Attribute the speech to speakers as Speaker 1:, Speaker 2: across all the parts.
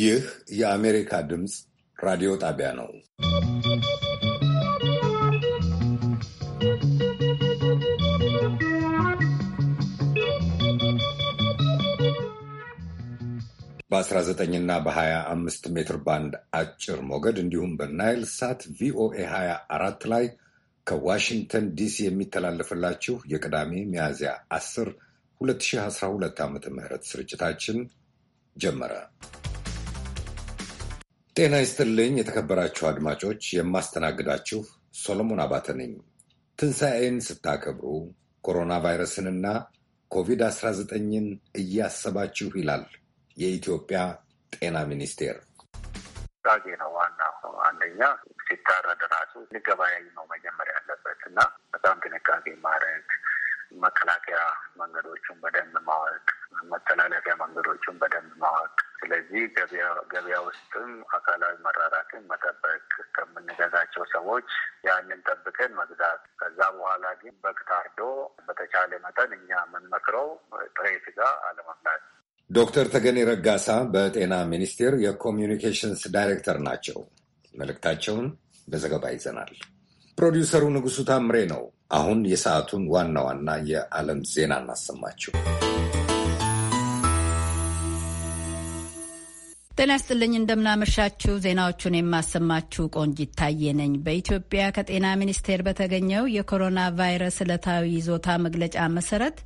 Speaker 1: ይህ የአሜሪካ ድምፅ ራዲዮ ጣቢያ ነው። በ19ና በ25 ሜትር ባንድ አጭር ሞገድ እንዲሁም በናይል ሳት ቪኦኤ 24 ላይ ከዋሽንግተን ዲሲ የሚተላለፍላችሁ የቅዳሜ ሚያዝያ 10 2012 ዓ ም ስርጭታችን ጀመረ። ጤና ይስጥልኝ የተከበራችሁ አድማጮች፣ የማስተናግዳችሁ ሶሎሞን አባተ ነኝ። ትንሣኤን ስታከብሩ ኮሮና ቫይረስንና ኮቪድ-19ን እያሰባችሁ ይላል የኢትዮጵያ ጤና ሚኒስቴር። ጌ ነው ዋና አንደኛ ሲታረድ ራሱ
Speaker 2: ሊገበያይ ነው መጀመሪያ ያለበት እና በጣም ጥንቃቄ ማድረግ መከላከያ መንገዶቹን በደንብ ማወቅ፣ መተላለፊያ መንገዶቹን በደንብ ማወቅ ስለዚህ ገበያ ውስጥም አካላዊ መራራትን መጠበቅ ከምንገዛቸው ሰዎች ያንን ጠብቀን መግዛት። ከዛ በኋላ ግን በግ
Speaker 1: በተቻለ መጠን እኛ የምንመክረው ጥሬ ስጋ አለመብላት። ዶክተር ተገኔ ረጋሳ በጤና ሚኒስቴር የኮሚዩኒኬሽንስ ዳይሬክተር ናቸው። መልእክታቸውን በዘገባ ይዘናል። ፕሮዲውሰሩ ንጉሱ ታምሬ ነው። አሁን የሰዓቱን ዋና ዋና የዓለም ዜና እናሰማችሁ።
Speaker 3: ጤና ይስጥልኝ እንደምናመሻችሁ። ዜናዎቹን የማሰማችሁ ቆንጅ ይታየ ነኝ። በኢትዮጵያ ከጤና ሚኒስቴር በተገኘው የኮሮና ቫይረስ ዕለታዊ ይዞታ መግለጫ መሰረት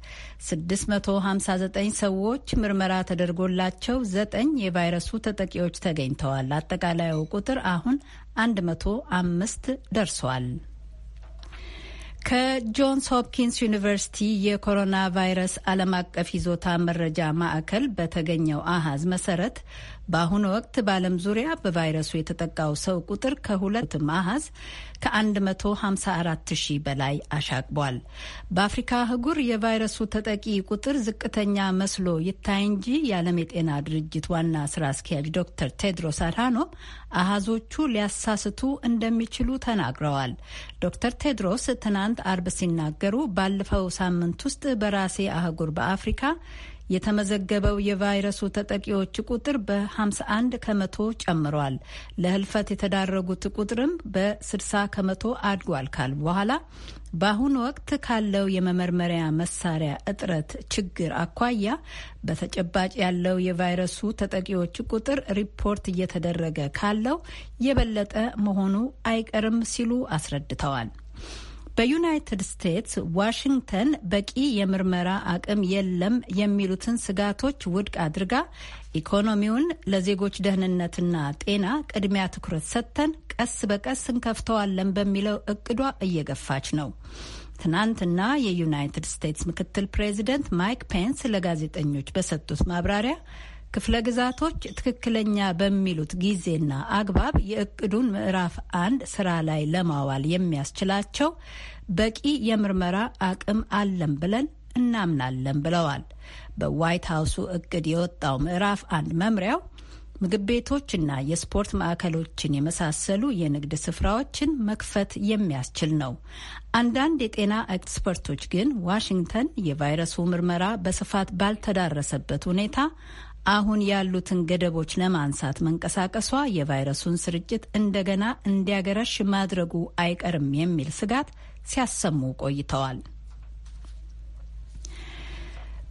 Speaker 3: 659 ሰዎች ምርመራ ተደርጎላቸው ዘጠኝ የቫይረሱ ተጠቂዎች ተገኝተዋል። አጠቃላዩ ቁጥር አሁን 105 ደርሷል። ከጆንስ ሆፕኪንስ ዩኒቨርሲቲ የኮሮና ቫይረስ ዓለም አቀፍ ይዞታ መረጃ ማዕከል በተገኘው አሃዝ መሰረት በአሁኑ ወቅት በዓለም ዙሪያ በቫይረሱ የተጠቃው ሰው ቁጥር ከሁለት ማሀዝ ከ154 ሺህ በላይ አሻቅቧል። በአፍሪካ አህጉር የቫይረሱ ተጠቂ ቁጥር ዝቅተኛ መስሎ ይታይ እንጂ የዓለም የጤና ድርጅት ዋና ስራ አስኪያጅ ዶክተር ቴድሮስ አድሃኖም አሃዞቹ ሊያሳስቱ እንደሚችሉ ተናግረዋል። ዶክተር ቴድሮስ ትናንት አርብ ሲናገሩ ባለፈው ሳምንት ውስጥ በራሴ አህጉር በአፍሪካ የተመዘገበው የቫይረሱ ተጠቂዎች ቁጥር በ51 ከመቶ ጨምሯል። ለህልፈት የተዳረጉት ቁጥርም በ60 ከመቶ አድጓል ካል በኋላ በአሁኑ ወቅት ካለው የመመርመሪያ መሳሪያ እጥረት ችግር አኳያ በተጨባጭ ያለው የቫይረሱ ተጠቂዎች ቁጥር ሪፖርት እየተደረገ ካለው የበለጠ መሆኑ አይቀርም ሲሉ አስረድተዋል። በዩናይትድ ስቴትስ ዋሽንግተን በቂ የምርመራ አቅም የለም የሚሉትን ስጋቶች ውድቅ አድርጋ ኢኮኖሚውን ለዜጎች ደህንነትና ጤና ቅድሚያ ትኩረት ሰጥተን ቀስ በቀስ እንከፍተዋለን በሚለው እቅዷ እየገፋች ነው። ትናንትና የዩናይትድ ስቴትስ ምክትል ፕሬዚደንት ማይክ ፔንስ ለጋዜጠኞች በሰጡት ማብራሪያ ክፍለ ግዛቶች ትክክለኛ በሚሉት ጊዜና አግባብ የእቅዱን ምዕራፍ አንድ ስራ ላይ ለማዋል የሚያስችላቸው በቂ የምርመራ አቅም አለን ብለን እናምናለን ብለዋል። በዋይት ሀውሱ እቅድ የወጣው ምዕራፍ አንድ መምሪያው ምግብ ቤቶችና የስፖርት ማዕከሎችን የመሳሰሉ የንግድ ስፍራዎችን መክፈት የሚያስችል ነው። አንዳንድ የጤና ኤክስፐርቶች ግን ዋሽንግተን የቫይረሱ ምርመራ በስፋት ባልተዳረሰበት ሁኔታ አሁን ያሉትን ገደቦች ለማንሳት መንቀሳቀሷ የቫይረሱን ስርጭት እንደገና እንዲያገረሽ ማድረጉ አይቀርም የሚል ስጋት ሲያሰሙ ቆይተዋል።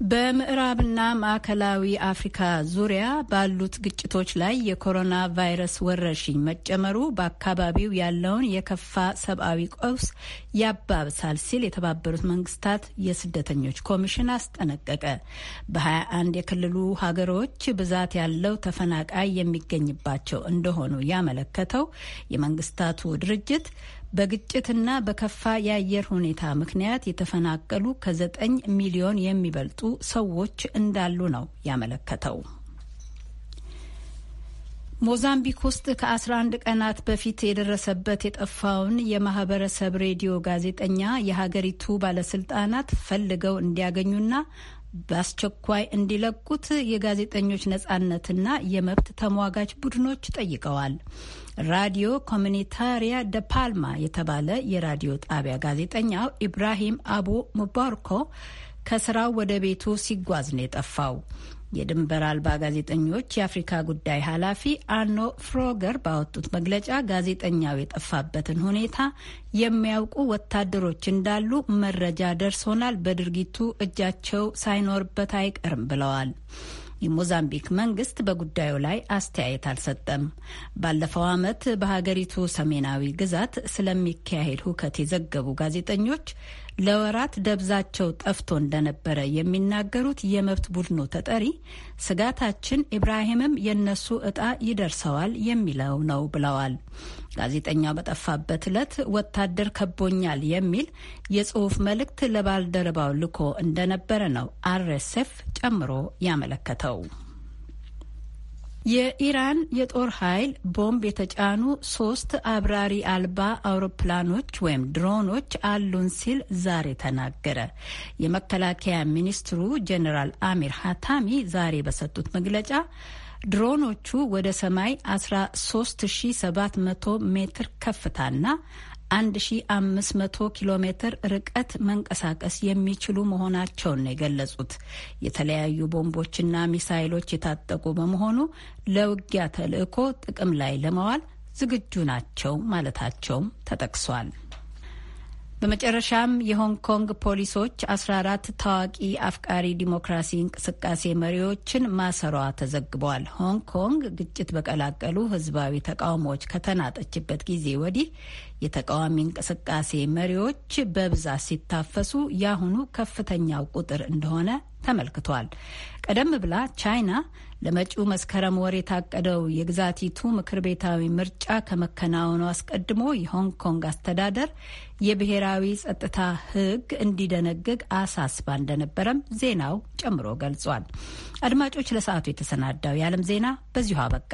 Speaker 3: በምዕራብና ማዕከላዊ አፍሪካ ዙሪያ ባሉት ግጭቶች ላይ የኮሮና ቫይረስ ወረርሽኝ መጨመሩ በአካባቢው ያለውን የከፋ ሰብአዊ ቀውስ ያባብሳል ሲል የተባበሩት መንግስታት የስደተኞች ኮሚሽን አስጠነቀቀ። በ21 የክልሉ ሀገሮች ብዛት ያለው ተፈናቃይ የሚገኝባቸው እንደሆኑ ያመለከተው የመንግስታቱ ድርጅት በግጭትና በከፋ የአየር ሁኔታ ምክንያት የተፈናቀሉ ከዘጠኝ ሚሊዮን የሚበልጡ ሰዎች እንዳሉ ነው ያመለከተው። ሞዛምቢክ ውስጥ ከ11 ቀናት በፊት የደረሰበት የጠፋውን የማህበረሰብ ሬዲዮ ጋዜጠኛ የሀገሪቱ ባለስልጣናት ፈልገው እንዲያገኙና በአስቸኳይ እንዲለቁት የጋዜጠኞች ነጻነትና የመብት ተሟጋች ቡድኖች ጠይቀዋል። ራዲዮ ኮሚኒታሪያ ደ ፓልማ የተባለ የራዲዮ ጣቢያ ጋዜጠኛው ኢብራሂም አቡ ሙባርኮ ከስራው ወደ ቤቱ ሲጓዝ ነው የጠፋው። የድንበር አልባ ጋዜጠኞች የአፍሪካ ጉዳይ ኃላፊ አኖ ፍሮገር ባወጡት መግለጫ ጋዜጠኛው የጠፋበትን ሁኔታ የሚያውቁ ወታደሮች እንዳሉ መረጃ ደርሶናል፣ በድርጊቱ እጃቸው ሳይኖርበት አይቀርም ብለዋል። የሞዛምቢክ መንግስት በጉዳዩ ላይ አስተያየት አልሰጠም። ባለፈው ዓመት በሀገሪቱ ሰሜናዊ ግዛት ስለሚካሄድ ሁከት የዘገቡ ጋዜጠኞች ለወራት ደብዛቸው ጠፍቶ እንደነበረ የሚናገሩት የመብት ቡድኑ ተጠሪ ስጋታችን ኢብራሂምም የነሱ እጣ ይደርሰዋል የሚለው ነው ብለዋል። ጋዜጠኛው በጠፋበት ዕለት ወታደር ከቦኛል የሚል የጽሁፍ መልእክት ለባልደረባው ልኮ እንደነበረ ነው አርኤስኤፍ ጨምሮ ያመለከተው። የኢራን የጦር ኃይል ቦምብ የተጫኑ ሶስት አብራሪ አልባ አውሮፕላኖች ወይም ድሮኖች አሉን ሲል ዛሬ ተናገረ። የመከላከያ ሚኒስትሩ ጀኔራል አሚር ሀታሚ ዛሬ በሰጡት መግለጫ ድሮኖቹ ወደ ሰማይ 13700 ሜትር ከፍታና 1500 ኪሎ ሜትር ርቀት መንቀሳቀስ የሚችሉ መሆናቸውን ነው የገለጹት። የተለያዩ ቦምቦችና ሚሳይሎች የታጠቁ በመሆኑ ለውጊያ ተልዕኮ ጥቅም ላይ ለመዋል ዝግጁ ናቸው ማለታቸውም ተጠቅሷል። በመጨረሻም የሆንግ ኮንግ ፖሊሶች 14 ታዋቂ አፍቃሪ ዲሞክራሲ እንቅስቃሴ መሪዎችን ማሰሯ ተዘግቧል። ሆንግ ኮንግ ግጭት በቀላቀሉ ህዝባዊ ተቃውሞዎች ከተናጠችበት ጊዜ ወዲህ የተቃዋሚ እንቅስቃሴ መሪዎች በብዛት ሲታፈሱ የአሁኑ ከፍተኛው ቁጥር እንደሆነ ተመልክቷል። ቀደም ብላ ቻይና ለመጪው መስከረም ወር የታቀደው የግዛቲቱ ምክር ቤታዊ ምርጫ ከመከናወኑ አስቀድሞ የሆንግ ኮንግ አስተዳደር የብሔራዊ ጸጥታ ሕግ እንዲደነግግ አሳስባ እንደነበረም ዜናው ጨምሮ ገልጿል። አድማጮች፣ ለሰዓቱ የተሰናዳው የዓለም ዜና በዚሁ አበቃ።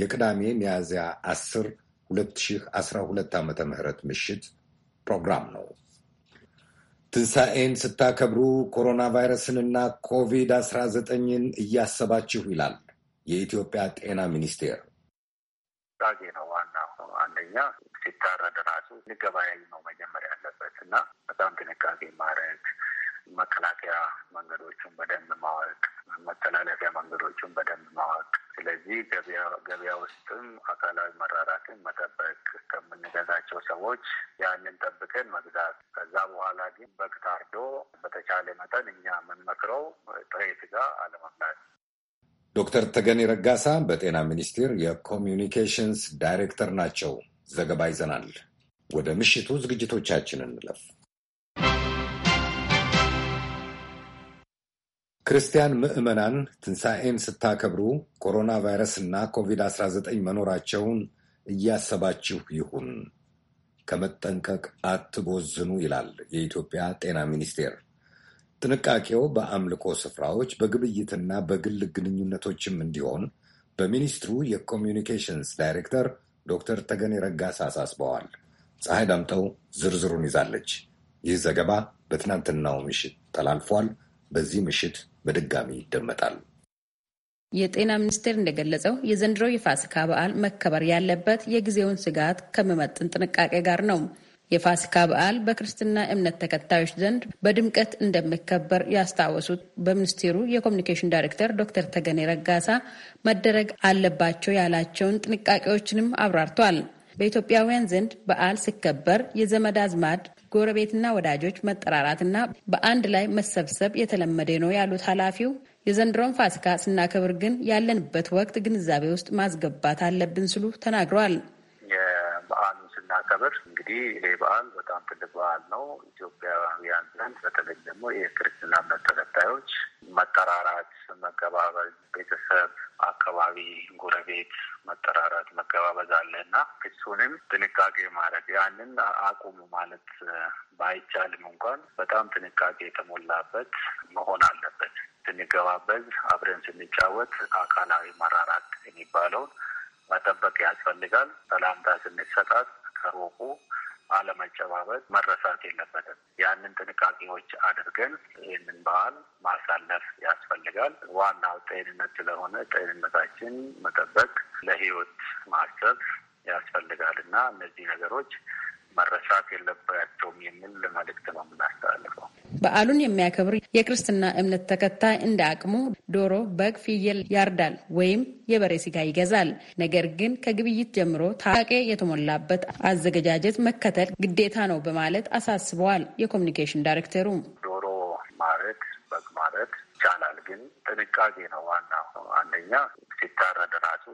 Speaker 1: የቅዳሜ ሚያዝያ 10 2012 ዓ ም ምሽት ፕሮግራም ነው። ትንሣኤን ስታከብሩ ኮሮና ቫይረስንና ኮቪድ-19ን እያሰባችሁ ይላል የኢትዮጵያ ጤና ሚኒስቴር።
Speaker 2: ራጌ ነው አንደኛ ሲታረድ ራሱ ነው መጀመሪያ ያለበት እና በጣም ጥንቃቄ ማድረግ መከላከያ መንገዶችን በደንብ ማወቅ፣ መተላለፊያ መንገዶችን በደንብ ማወቅ። ስለዚህ ገበያ ውስጥም አካላዊ መራራትን መጠበቅ፣ ከምንገዛቸው ሰዎች ያንን ጠብቀን መግዛት። ከዛ በኋላ ግን በግ
Speaker 1: ታርዶ በተቻለ መጠን እኛ የምንመክረው ጥሬ ስጋ አለመብላት። ዶክተር ተገኔ ረጋሳ በጤና ሚኒስቴር የኮሚዩኒኬሽንስ ዳይሬክተር ናቸው። ዘገባ ይዘናል። ወደ ምሽቱ ዝግጅቶቻችን እንለፍ። ክርስቲያን ምዕመናን ትንሣኤን ስታከብሩ ኮሮና ቫይረስና ኮቪድ-19 መኖራቸውን እያሰባችሁ ይሁን፣ ከመጠንቀቅ አትቦዝኑ ይላል የኢትዮጵያ ጤና ሚኒስቴር። ጥንቃቄው በአምልኮ ስፍራዎች በግብይትና በግል ግንኙነቶችም እንዲሆን በሚኒስትሩ የኮሚዩኒኬሽንስ ዳይሬክተር ዶክተር ተገኔ ረጋሳ አሳስበዋል። ፀሐይ ዳምጠው ዝርዝሩን ይዛለች። ይህ ዘገባ በትናንትናው ምሽት ተላልፏል። በዚህ ምሽት በድጋሚ ይደመጣል።
Speaker 4: የጤና ሚኒስቴር እንደገለጸው የዘንድሮ የፋሲካ በዓል መከበር ያለበት የጊዜውን ስጋት ከመመጥን ጥንቃቄ ጋር ነው። የፋሲካ በዓል በክርስትና እምነት ተከታዮች ዘንድ በድምቀት እንደሚከበር ያስታወሱት በሚኒስቴሩ የኮሚኒኬሽን ዳይሬክተር ዶክተር ተገኔ ረጋሳ መደረግ አለባቸው ያላቸውን ጥንቃቄዎችንም አብራርቷል። በኢትዮጵያውያን ዘንድ በዓል ሲከበር የዘመድ አዝማድ ጎረቤትና ወዳጆች መጠራራትና በአንድ ላይ መሰብሰብ የተለመደ ነው ያሉት ኃላፊው የዘንድሮን ፋሲካ ስናከብር ግን ያለንበት ወቅት ግንዛቤ ውስጥ ማስገባት አለብን ስሉ ተናግረዋል።
Speaker 2: የበዓሉን ስናከብር እንግዲህ ይህ በዓል በጣም ትልቅ በዓል ነው። ኢትዮጵያውያን ዘንድ በተለይ ደግሞ የክርስትና እምነት ተከታዮች መጠራራት፣ መገባበዝ ቤተሰብ፣ አካባቢ፣ ጎረቤት መጠራራት፣ መገባበዝ አለ እና እሱንም ጥንቃቄ ማለት ያንን አቁሙ ማለት ባይቻልም እንኳን በጣም ጥንቃቄ የተሞላበት መሆን አለበት። ስንገባበዝ፣ አብረን ስንጫወት አካላዊ መራራት የሚባለውን መጠበቅ ያስፈልጋል። ሰላምታ ስንሰጣት ከሮቁ አለመጨባበጥ መረሳት የለበትም። ያንን ጥንቃቄዎች አድርገን ይህንን በዓል ማሳለፍ ያስፈልጋል። ዋናው ጤንነት ስለሆነ ጤንነታችን መጠበቅ፣ ለህይወት ማሰብ ያስፈልጋል እና እነዚህ ነገሮች መረሳት የለባቸውም የሚል መልእክት ነው
Speaker 4: የምናስተላልፈው። በዓሉን የሚያከብር የክርስትና እምነት ተከታይ እንደ አቅሙ ዶሮ፣ በግ፣ ፍየል ያርዳል ወይም የበሬ ስጋ ይገዛል። ነገር ግን ከግብይት ጀምሮ ታቄ የተሞላበት አዘገጃጀት መከተል ግዴታ ነው በማለት አሳስበዋል። የኮሚኒኬሽን ዳይሬክተሩ
Speaker 2: ዶሮ ማረድ፣ በግ ማረድ ይቻላል፣ ግን ጥንቃቄ ነው ዋና አንደኛ ሲታረድ ራሱ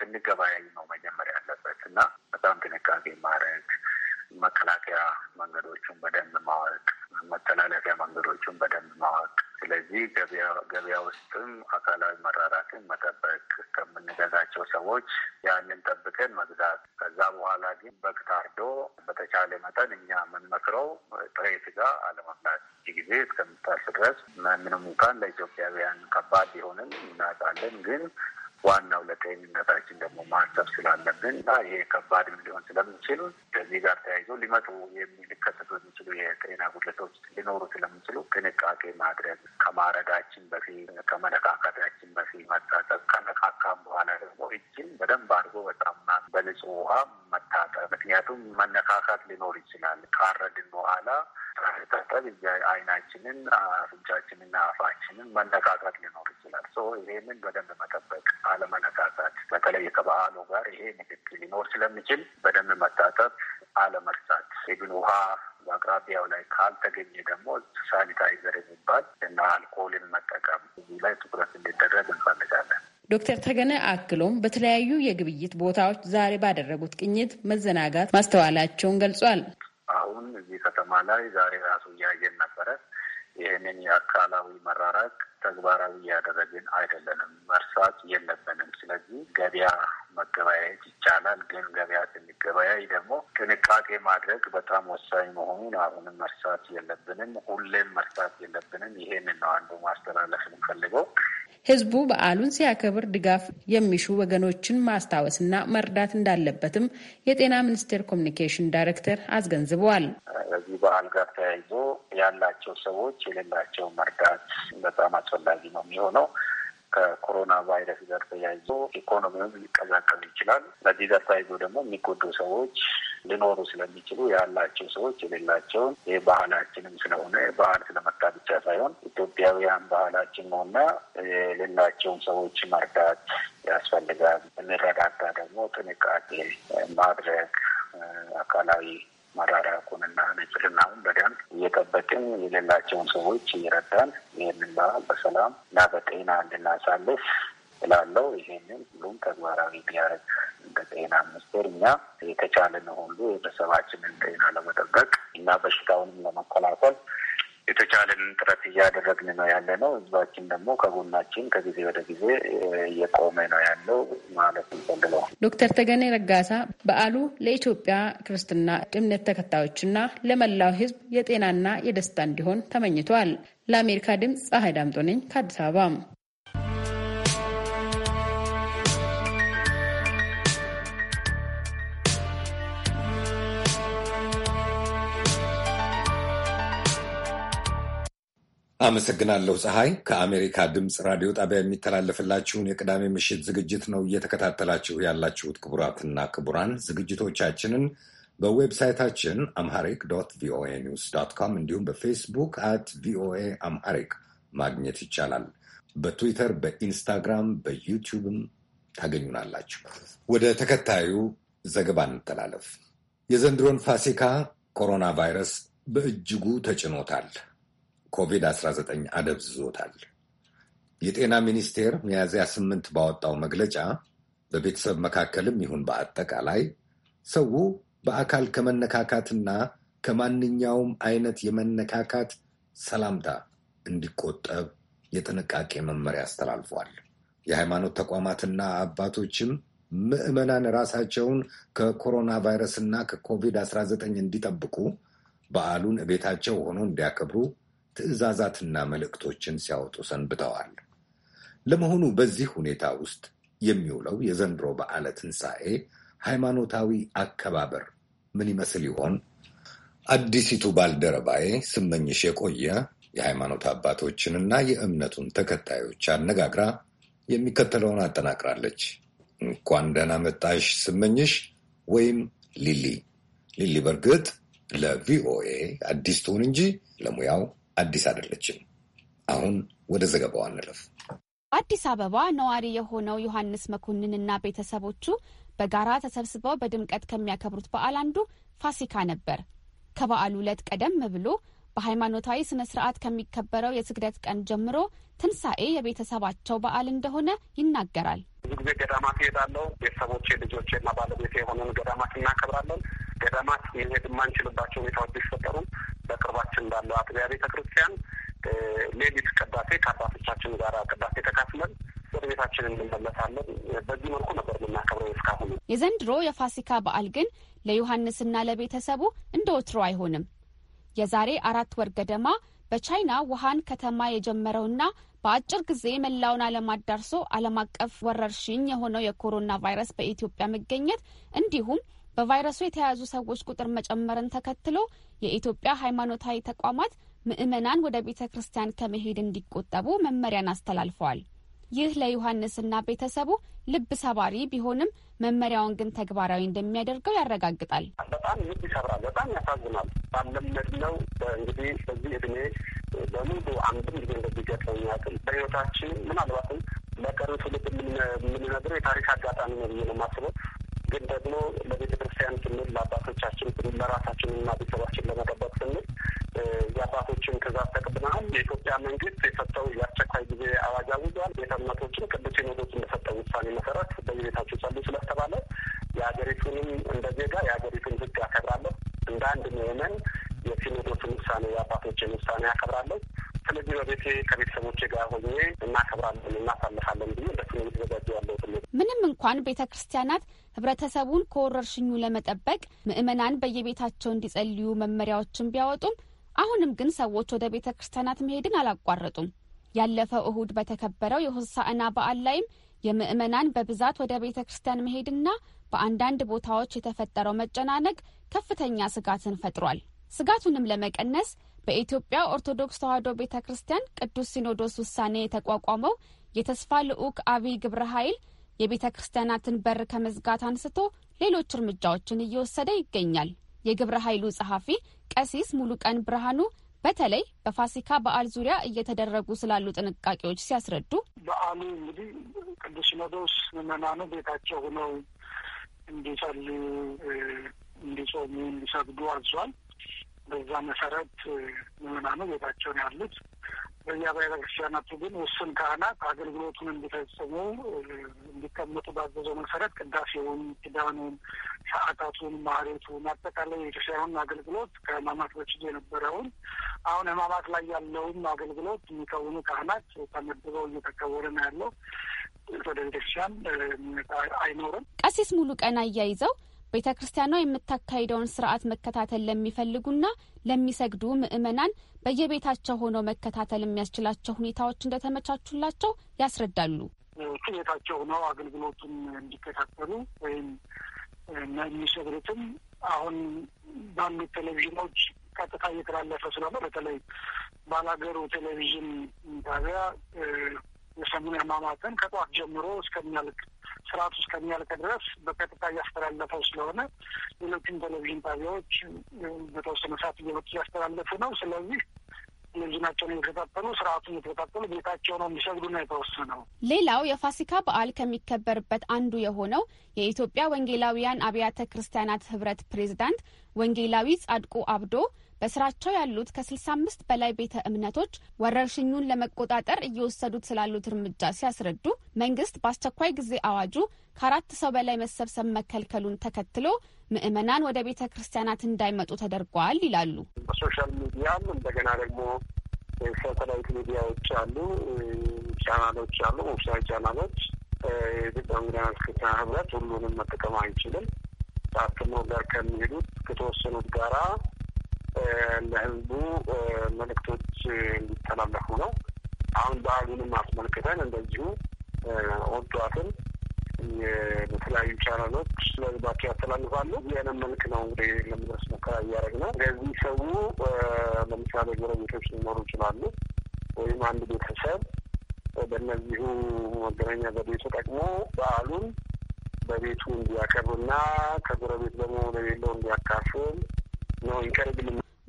Speaker 2: ስንገበያይ ነው መጀመሪያ ያለበት እና በጣም ጥንቃቄ ማረግ መከላከያ መንገዶቹን በደንብ ማወቅ፣ መተላለፊያ መንገዶቹን በደንብ ማወቅ። ስለዚህ ገበያ ውስጥም አካላዊ መራራትን መጠበቅ ከምንገዛቸው ሰዎች ያንን ጠብቀን መግዛት። ከዛ በኋላ ግን በግ ታርዶ በተቻለ መጠን እኛ የምንመክረው ጥሬ ስጋ አለመብላት። ይህ ጊዜ
Speaker 5: እስከምታርስ ድረስ ምንም እንኳን ለኢትዮጵያውያን ከባድ ቢሆንም እናውቃለን ግን ዋናው ለጤንነታችን ደግሞ ማሰብ
Speaker 2: ስላለብን እና ይሄ ከባድ ሊሆን ስለምንችል ከዚህ ጋር ተያይዞ ሊመጡ የሚከሰቱ የሚችሉ የጤና ጉድለቶች ሊኖሩ ስለምንችሉ ጥንቃቄ ማድረግ ከማረጋችን በፊት ከመለካከታችን በፊት መታጠብ፣ ከነካካም በኋላ ደግሞ እጅን በደንብ አድርጎ በጣምና በንጹህ ውሃ መታጠብ። ምክንያቱም መነካካት ሊኖር ይችላል ካረድን በኋላ ስንታጠብ አይናችንን፣ አፍንጫችንና አፋችንን መነካካት ሊኖር ይችላል። ይሄንን በደንብ መጠበቅ አለመነካካት፣ በተለይ ከበዓሉ ጋር ይሄ ንክክ ሊኖር ስለሚችል በደንብ መታጠብ አለመርሳት፣ ግን ውሃ በአቅራቢያው ላይ ካልተገኘ ደግሞ ሳኒታይዘር የሚባል እና አልኮልን መጠቀም እዚህ ላይ ትኩረት እንዲደረግ
Speaker 4: እንፈልጋለን። ዶክተር ተገነ አክሎም በተለያዩ የግብይት ቦታዎች ዛሬ ባደረጉት ቅኝት መዘናጋት ማስተዋላቸውን ገልጿል።
Speaker 3: አሁን እዚህ
Speaker 2: ከተማ ላይ ዛሬ ራሱ እያየን ነበረ። ይህንን የአካላዊ መራራቅ ተግባራዊ እያደረግን አይደለንም። መርሳት የለብንም። ስለዚህ ገበያ መገበያየት ይቻላል፣ ግን ገበያ ስንገበያይ ደግሞ ጥንቃቄ ማድረግ በጣም ወሳኝ መሆኑን አሁንም መርሳት የለብንም። ሁሌም መርሳት የለብንም። ይሄንን ነው አንዱ ማስተላለፍ
Speaker 4: የምንፈልገው። ህዝቡ በዓሉን ሲያከብር ድጋፍ የሚሹ ወገኖችን ማስታወስና መርዳት እንዳለበትም የጤና ሚኒስቴር ኮሚኒኬሽን ዳይሬክተር አስገንዝበዋል።
Speaker 2: በዚህ በዓል ጋር ተያይዞ ያላቸው ሰዎች የሌላቸው መርዳት በጣም አስፈላጊ ነው የሚሆነው ከኮሮና ቫይረስ ጋር ተያይዞ ኢኮኖሚውን ሊቀዛቀዝ ይችላል። በዚህ ጋር ተያይዞ ደግሞ የሚጎዱ ሰዎች ሊኖሩ ስለሚችሉ ያላቸው ሰዎች የሌላቸውን ይህ ባህላችንም ስለሆነ ባህል ስለመጣ ብቻ ሳይሆን ኢትዮጵያውያን ባህላችን ነውና የሌላቸውን ሰዎች መርዳት ያስፈልጋል። እንረዳዳ ደግሞ ጥንቃቄ ማድረግ አካላዊ መራራቁንና ንጽህናውን በደንብ እየጠበቅን የሌላቸውን ሰዎች እየረዳን ይህንን ባህል በሰላም እና በጤና እንድናሳልፍ ስላለው ይሄንን ሁሉም ተግባራዊ ቢያደርግ በጤና ሚኒስቴር እኛ የተቻለን ሁሉ የቤተሰባችንን ጤና ለመጠበቅ እና በሽታውንም ለመከላከል የተቻለንን ጥረት እያደረግን ነው ያለ ነው። ህዝባችን ደግሞ ከጎናችን ከጊዜ ወደ ጊዜ እየቆመ ነው ያለው ማለት ይፈልገዋል።
Speaker 4: ዶክተር ተገኔ ረጋሳ በዓሉ ለኢትዮጵያ ክርስትና እምነት ተከታዮችና ለመላው ህዝብ የጤናና የደስታ እንዲሆን ተመኝቷል። ለአሜሪካ ድምፅ ፀሐይ ዳምጦ ነኝ ከአዲስ አበባ
Speaker 1: አመሰግናለሁ ፀሐይ። ከአሜሪካ ድምፅ ራዲዮ ጣቢያ የሚተላለፍላችሁን የቅዳሜ ምሽት ዝግጅት ነው እየተከታተላችሁ ያላችሁት። ክቡራትና ክቡራን ዝግጅቶቻችንን በዌብሳይታችን አምሃሪክ ዶት ቪኦኤ ኒውስ ዶት ኮም እንዲሁም በፌስቡክ አት ቪኦኤ አምሃሪክ ማግኘት ይቻላል። በትዊተር፣ በኢንስታግራም፣ በዩቲዩብም ታገኙናላችሁ። ወደ ተከታዩ ዘገባ እንተላለፍ። የዘንድሮን ፋሲካ ኮሮና ቫይረስ በእጅጉ ተጭኖታል። ኮቪድ-19 አደብዝዞታል። የጤና ሚኒስቴር ሚያዝያ ስምንት ባወጣው መግለጫ በቤተሰብ መካከልም ይሁን በአጠቃላይ ሰው በአካል ከመነካካትና ከማንኛውም አይነት የመነካካት ሰላምታ እንዲቆጠብ የጥንቃቄ መመሪያ አስተላልፏል። የሃይማኖት ተቋማትና አባቶችም ምዕመናን ራሳቸውን ከኮሮና ቫይረስና ከኮቪድ-19 እንዲጠብቁ በዓሉን እቤታቸው ሆኖ እንዲያከብሩ ትዕዛዛትና መልእክቶችን ሲያወጡ ሰንብተዋል። ለመሆኑ በዚህ ሁኔታ ውስጥ የሚውለው የዘንድሮ በዓለ ትንሣኤ ሃይማኖታዊ አከባበር ምን ይመስል ይሆን? አዲሲቱ ባልደረባዬ ስመኝሽ የቆየ የሃይማኖት አባቶችንና የእምነቱን ተከታዮች አነጋግራ የሚከተለውን አጠናቅራለች። እንኳን ደህና መጣሽ ስመኝሽ ወይም ሊሊ። ሊሊ በርግጥ ለቪኦኤ አዲስ ትሁን እንጂ ለሙያው አዲስ አይደለችም። አሁን ወደ ዘገባው
Speaker 6: እንለፍ። አዲስ አበባ ነዋሪ የሆነው ዮሐንስ መኮንንና ቤተሰቦቹ በጋራ ተሰብስበው በድምቀት ከሚያከብሩት በዓል አንዱ ፋሲካ ነበር። ከበዓሉ ዕለት ቀደም ብሎ በሃይማኖታዊ ስነ ስርዓት ከሚከበረው የስግደት ቀን ጀምሮ ትንሣኤ የቤተሰባቸው በዓል እንደሆነ ይናገራል።
Speaker 7: ብዙ ጊዜ ገዳማት እሄዳለሁ። ቤተሰቦቼ፣ ልጆቼ እና ባለቤቴ የሆነን ገዳማት እናከብራለን። ገዳማት መሄድ የማንችልባቸው ሁኔታዎች ቢፈጠሩም በቅርባችን እንዳለው አጥቢያ ቤተ ክርስቲያን ሌሊት ቅዳሴ ከአባቶቻችን ጋር ቅዳሴ ተካፍለን ወደ ቤታችን እንመለሳለን። በዚህ መልኩ ነበር የምናከብረው እስካሁን።
Speaker 6: የዘንድሮ የፋሲካ በዓል ግን ለዮሐንስና ለቤተሰቡ እንደ ወትሮ አይሆንም። የዛሬ አራት ወር ገደማ በቻይና ውሃን ከተማ የጀመረውና በአጭር ጊዜ መላውን ዓለም አዳርሶ ዓለም አቀፍ ወረርሽኝ የሆነው የኮሮና ቫይረስ በኢትዮጵያ መገኘት እንዲሁም በቫይረሱ የተያዙ ሰዎች ቁጥር መጨመርን ተከትሎ የኢትዮጵያ ሃይማኖታዊ ተቋማት ምዕመናን ወደ ቤተ ክርስቲያን ከመሄድ እንዲቆጠቡ መመሪያን አስተላልፈዋል። ይህ ለዮሐንስና ቤተሰቡ ልብ ሰባሪ ቢሆንም መመሪያውን ግን ተግባራዊ እንደሚያደርገው ያረጋግጣል።
Speaker 7: በጣም ልብ ይሰብራል። በጣም ያሳዝናል። ባለመድ ነው እንግዲህ በዚህ እድሜ በሙሉ አንድም ጊዜ እንደዚህ ገጥሞኝ አያውቅም። በህይወታችን ምናልባትም ለቀሪ ትውልድ የምንነግረው የታሪክ አጋጣሚ ነው ብዬ ነው የማስበው። ግን ደግሞ ለቤተ ክርስቲያን ስንል ለአባቶቻችን ስንል ለራሳችን እና ቤተሰባችን ለመጠበቅ ስንል የአባቶችን ትእዛዝ ተቀብለናል። የኢትዮጵያ መንግስት የሰጠው የአስቸኳይ ጊዜ አዋጅ አውጇል። ቤተ እምነቶችን ቅዱስ ሲኖዶስ እንደሰጠው ውሳኔ መሰረት በየቤታቸው ጸልዩ ስለተባለ የሀገሪቱንም እንደ ዜጋ የሀገሪቱን ህግ ያከብራለሁ እንደ አንድ ምዕመን የሲኖዶስን ውሳኔ የአባቶችን ውሳኔ ያከብራለሁ። ስለዚህ በቤቴ ከቤተሰቦቼ ጋር ሆኜ እናከብራለን፣ እናሳልፋለን ብዬ ደስ ነው የተዘጋጀ ያለው።
Speaker 6: ምንም እንኳን ቤተ ክርስቲያናት ህብረተሰቡን ከወረርሽኙ ለመጠበቅ ምእመናን በየቤታቸው እንዲጸልዩ መመሪያዎችን ቢያወጡም አሁንም ግን ሰዎች ወደ ቤተ ክርስቲያናት መሄድን አላቋረጡም። ያለፈው እሁድ በተከበረው የሆሳዕና በዓል ላይም የምእመናን በብዛት ወደ ቤተ ክርስቲያን መሄድና በአንዳንድ ቦታዎች የተፈጠረው መጨናነቅ ከፍተኛ ስጋትን ፈጥሯል። ስጋቱንም ለመቀነስ በኢትዮጵያ ኦርቶዶክስ ተዋሕዶ ቤተ ክርስቲያን ቅዱስ ሲኖዶስ ውሳኔ የተቋቋመው የተስፋ ልዑክ አብይ ግብረ ኃይል የቤተ ክርስቲያናትን በር ከመዝጋት አንስቶ ሌሎች እርምጃዎችን እየወሰደ ይገኛል። የግብረ ኃይሉ ጸሐፊ ቀሲስ ሙሉ ቀን ብርሃኑ በተለይ በፋሲካ በዓል ዙሪያ እየተደረጉ ስላሉ ጥንቃቄዎች ሲያስረዱ
Speaker 7: በዓሉ እንግዲህ ቅዱስ ሲኖዶስ ምዕመናኑ ቤታቸው ሆነው እንዲጸልዩ፣ እንዲጾሙ፣ እንዲሰግዱ አዟል። በዛ መሰረት ምዕመናኑ ቤታቸውን ያሉት በየአብያተ ክርስቲያናቱ ግን ውስን ካህናት አገልግሎቱን እንዲፈጽሙ እንዲቀመጡ ባዘዘው መሰረት ቅዳሴውን፣ ኪዳኑን፣ ሰዓታቱን፣ ማህሌቱን አጠቃላይ የቤተክርስቲያኑን አገልግሎት ከህማማት በፊት የነበረውን አሁን ህማማት ላይ ያለውን አገልግሎት የሚከውኑ ካህናት ተመድበው እየተከወረ ነው ያለው። ወደ ቤተክርስቲያን አይኖርም።
Speaker 6: ቀሲስ ሙሉ ቀን አያይዘው ቤተ ክርስቲያኗ የምታካሂደውን ስርዓት መከታተል ለሚፈልጉና ለሚሰግዱ ምእመናን በየቤታቸው ሆነው መከታተል የሚያስችላቸው ሁኔታዎች እንደተመቻቹላቸው ያስረዳሉ።
Speaker 7: ቤታቸው ሆነው አገልግሎቱን እንዲከታተሉ ወይም የሚሰግዱትም አሁን ባሉት ቴሌቪዥኖች ቀጥታ እየተላለፈ ስለሆነ በተለይ ባላገሩ ቴሌቪዥን ጣቢያ የሰሙን ህማማትን ከጠዋት ጀምሮ እስከሚያልቅ ስርዓቱ እስከሚያልቅ ድረስ በቀጥታ እያስተላለፈው ስለሆነ ሌሎችም ቴሌቪዥን ጣቢያዎች በተወሰነ ሰዓት እየመጡ እያስተላለፉ ነው። ስለዚህ ቴሌቪዥናቸውን እየተከታተሉ ስርዓቱን እየተከታተሉ ቤታቸው ነው የሚሰግዱ ነው የተወሰነው።
Speaker 6: ሌላው የፋሲካ በዓል ከሚከበርበት አንዱ የሆነው የኢትዮጵያ ወንጌላውያን አብያተ ክርስቲያናት ህብረት ፕሬዝዳንት ወንጌላዊ ጻድቁ አብዶ በስራቸው ያሉት ከ65 በላይ ቤተ እምነቶች ወረርሽኙን ለመቆጣጠር እየወሰዱት ስላሉት እርምጃ ሲያስረዱ መንግስት በአስቸኳይ ጊዜ አዋጁ ከአራት ሰው በላይ መሰብሰብ መከልከሉን ተከትሎ ምዕመናን ወደ ቤተ ክርስቲያናት እንዳይመጡ ተደርገዋል ይላሉ።
Speaker 7: ሶሻል ሚዲያም እንደገና ደግሞ ሳተላይት ሚዲያዎች አሉ፣ ቻናሎች አሉ፣ ዌብሳይት ቻናሎች የኢትዮጵያ ወንጌላውያን ክርስቲያን ህብረት ሁሉንም መጠቀም አይችልም። ታክሞ ጋር ከሚሄዱት ከተወሰኑት ጋራ ለህዝቡ መልእክቶች እንዲተላለፉ ነው። አሁን በዓሉንም አስመልክተን እንደዚሁ ወጧትን በተለያዩ ቻናሎች ለህዝባቸው ያስተላልፋሉ። ይህንን መልክ ነው እንግዲህ ለመድረስ ሙከራ እያደረግ ነው። ለዚህ ሰው ለምሳሌ ጎረቤቶች ሊኖሩ ይችላሉ፣ ወይም አንድ ቤተሰብ በእነዚሁ መገናኛ ዘዴ ተጠቅሞ በዓሉን በቤቱ እንዲያከብርና ከጎረቤት ደግሞ ለሌለው እንዲያካፍል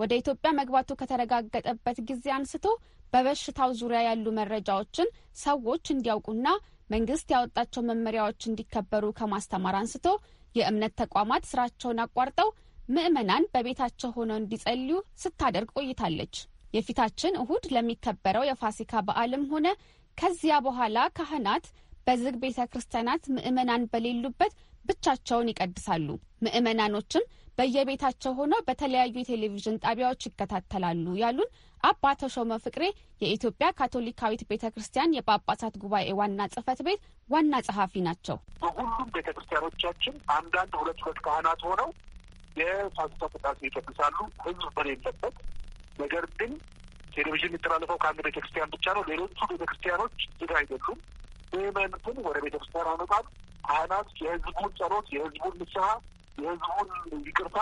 Speaker 6: ወደ ኢትዮጵያ መግባቱ ከተረጋገጠበት ጊዜ አንስቶ በበሽታው ዙሪያ ያሉ መረጃዎችን ሰዎች እንዲያውቁና መንግስት ያወጣቸው መመሪያዎች እንዲከበሩ ከማስተማር አንስቶ የእምነት ተቋማት ስራቸውን አቋርጠው ምዕመናን በቤታቸው ሆነው እንዲጸልዩ ስታደርግ ቆይታለች። የፊታችን እሁድ ለሚከበረው የፋሲካ በዓልም ሆነ ከዚያ በኋላ ካህናት በዝግ ቤተ ክርስቲያናት ምዕመናን በሌሉበት ብቻቸውን ይቀድሳሉ። ምዕመናኖችም በየቤታቸው ሆነው በተለያዩ የቴሌቪዥን ጣቢያዎች ይከታተላሉ ያሉን አባ ተሾመ ፍቅሬ የኢትዮጵያ ካቶሊካዊት ቤተ ክርስቲያን የጳጳሳት ጉባኤ ዋና ጽህፈት ቤት ዋና ጸሐፊ ናቸው።
Speaker 7: በሁሉም ቤተ ክርስቲያኖቻችን አንዳንድ ሁለት ሁለት ካህናት ሆነው የፋሲካ ቅዳሴ ይቀድሳሉ፣ ህዝብ በሌለበት። ነገር ግን ቴሌቪዥን የሚተላለፈው ከአንድ ቤተ ክርስቲያን ብቻ ነው። ሌሎቹ ቤተ ክርስቲያኖች ዝግ አይደሉም። ምዕመናንን ወደ ቤተ ክርስቲያን አመጣል። ካህናት የህዝቡን ጸሎት፣ የህዝቡን ንስሐ የህዝቡን ይቅርታ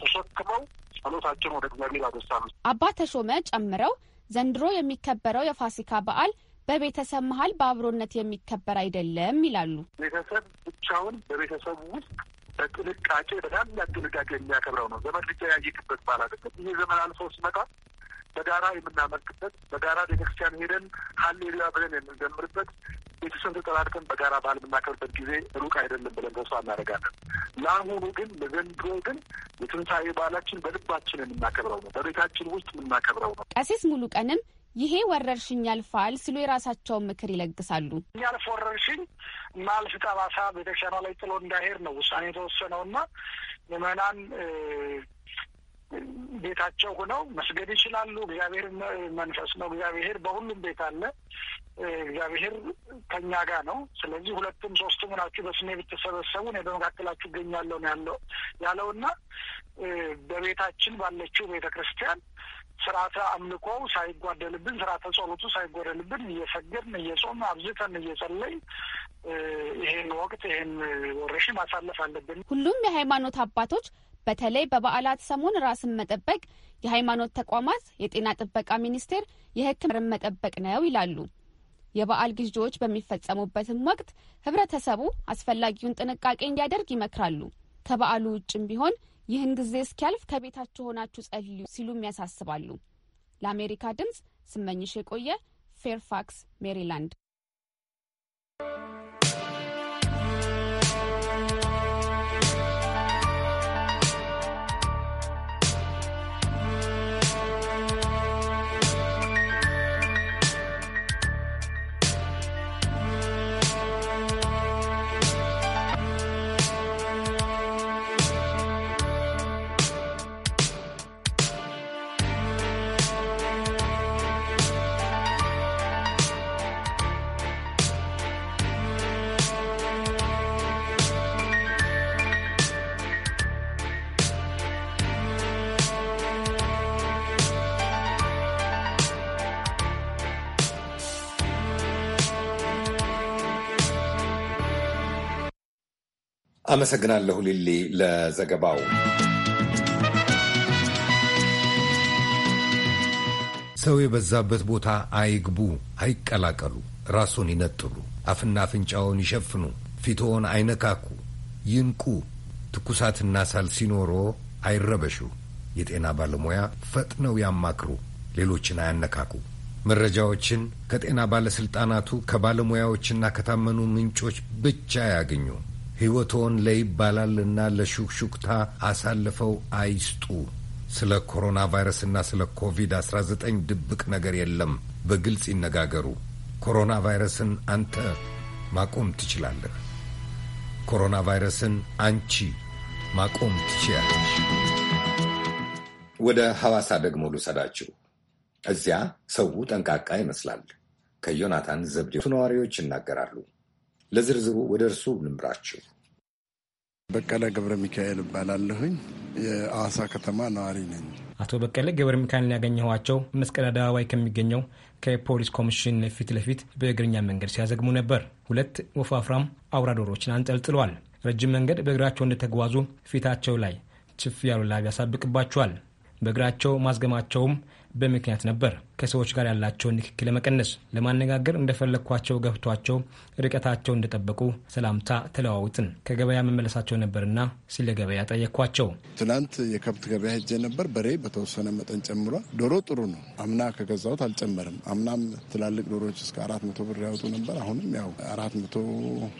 Speaker 7: ተሸክመው ጸሎታቸውን ወደ እግዚአብሔር አደሳሉ።
Speaker 6: አባ ተሾመ ጨምረው ዘንድሮ የሚከበረው የፋሲካ በዓል በቤተሰብ መሀል በአብሮነት የሚከበር አይደለም ይላሉ።
Speaker 7: ቤተሰብ ብቻውን በቤተሰብ ውስጥ በጥንቃቄ በታላቅ ጥንቃቄ የሚያከብረው ነው። ዘመን ብቻ ያየክበት በዓል ይሄ ዘመን አልፎ ሲመጣ በጋራ የምናመልክበት በጋራ ቤተክርስቲያን ሄደን ሀሌሉያ ብለን የምንዘምርበት ቤተሰብ ተጠራርተን በጋራ በዓል የምናከብርበት ጊዜ ሩቅ አይደለም ብለን ተስፋ እናደርጋለን። ለአሁኑ ግን ለዘንድሮ ግን የትንሣኤ በዓላችን በልባችን የምናከብረው ነው፣ በቤታችን ውስጥ የምናከብረው ነው። ቀሲስ
Speaker 6: ሙሉ ቀንም ይሄ ወረርሽኝ ያልፋል ሲሉ የራሳቸውን ምክር ይለግሳሉ።
Speaker 7: ያልፍ ወረርሽኝ ማልፍ ጠባሳ ቤተክርስቲያኗ ላይ ጥሎ እንዳሄድ ነው ውሳኔ የተወሰነውና ምዕመናን ቤታቸው ሆነው መስገድ ይችላሉ። እግዚአብሔር መንፈስ ነው። እግዚአብሔር በሁሉም ቤት አለ። እግዚአብሔር ከኛ ጋር ነው። ስለዚህ ሁለቱም ሶስቱም ናችሁ በስሜ ብትሰበሰቡ እኔ በመካከላችሁ እገኛለሁ ነው ያለው እና በቤታችን ባለችው ቤተ ክርስቲያን ስርዓተ አምልኮው ሳይጓደልብን ስርዓተ ጸሎቱ ሳይጓደልብን እየሰገድን እየጾም አብዝተን እየጸለይ ይህን ወቅት ይህን ወረሽ ማሳለፍ
Speaker 6: አለብን። ሁሉም የሃይማኖት አባቶች በተለይ በበዓላት ሰሞን ራስን መጠበቅ የሃይማኖት ተቋማት፣ የጤና ጥበቃ ሚኒስቴር የሕክምና መጠበቅ ነው ይላሉ። የበዓል ግዢዎች በሚፈጸሙበትም ወቅት ህብረተሰቡ አስፈላጊውን ጥንቃቄ እንዲያደርግ ይመክራሉ። ከበዓሉ ውጭም ቢሆን ይህን ጊዜ እስኪያልፍ ከቤታችሁ ሆናችሁ ጸልዩ ሲሉም ያሳስባሉ። ለአሜሪካ ድምፅ ስመኝሽ የቆየ ፌርፋክስ ሜሪላንድ።
Speaker 1: አመሰግናለሁ ሊሊ ለዘገባው። ሰው የበዛበት ቦታ አይግቡ፣ አይቀላቀሉ፣ ራሱን ይነጥሉ፣ አፍና አፍንጫውን ይሸፍኑ፣ ፊትዎን አይነካኩ፣ ይንቁ፣ ትኩሳትና ሳል ሲኖሮ አይረበሹ፣ የጤና ባለሙያ ፈጥነው ያማክሩ፣ ሌሎችን አያነካኩ። መረጃዎችን ከጤና ባለሥልጣናቱ ከባለሙያዎችና ከታመኑ ምንጮች ብቻ ያገኙ። ሕይወቶን ለይባላልና ለሹክሹክታ አሳልፈው አይስጡ። ስለ ኮሮና ቫይረስና ስለ ኮቪድ-19 ድብቅ ነገር የለም። በግልጽ ይነጋገሩ። ኮሮና ቫይረስን አንተ ማቆም ትችላለህ። ኮሮና ቫይረስን አንቺ ማቆም ትችላለች። ወደ ሐዋሳ ደግሞ ልውሰዳችሁ። እዚያ ሰው ጠንቃቃ ይመስላል። ከዮናታን ዘብዴ ነዋሪዎች ይናገራሉ። ለዝርዝሩ ወደ እርሱ ልምራችሁ።
Speaker 8: በቀለ ገብረ ሚካኤል እባላለሁኝ። የአዋሳ ከተማ ነዋሪ ነኝ።
Speaker 9: አቶ በቀለ ገብረ ሚካኤል ያገኘኋቸው መስቀል አደባባይ ከሚገኘው ከፖሊስ ኮሚሽን ፊት ለፊት በእግረኛ መንገድ ሲያዘግሙ ነበር። ሁለት ወፋፍራም አውራ ዶሮችን አንጠልጥለዋል። ረጅም መንገድ በእግራቸው እንደተጓዙ ፊታቸው ላይ ችፍ ያሉ ላብ ያሳብቅባቸዋል። በእግራቸው ማዝገማቸውም በምክንያት ነበር። ከሰዎች ጋር ያላቸውን ንክክ ለመቀነስ ለማነጋገር እንደፈለግኳቸው ገብቷቸው ርቀታቸው እንደጠበቁ ሰላምታ ተለዋውጥን። ከገበያ መመለሳቸው ነበርና ስለ ገበያ ጠየኳቸው።
Speaker 8: ትናንት የከብት ገበያ ሄጄ ነበር። በሬ በተወሰነ መጠን ጨምሯል። ዶሮ ጥሩ ነው። አምና ከገዛሁት አልጨመርም። አምናም ትላልቅ ዶሮዎች እስከ አራት መቶ ብር ያወጡ ነበር። አሁንም ያው አራት መቶ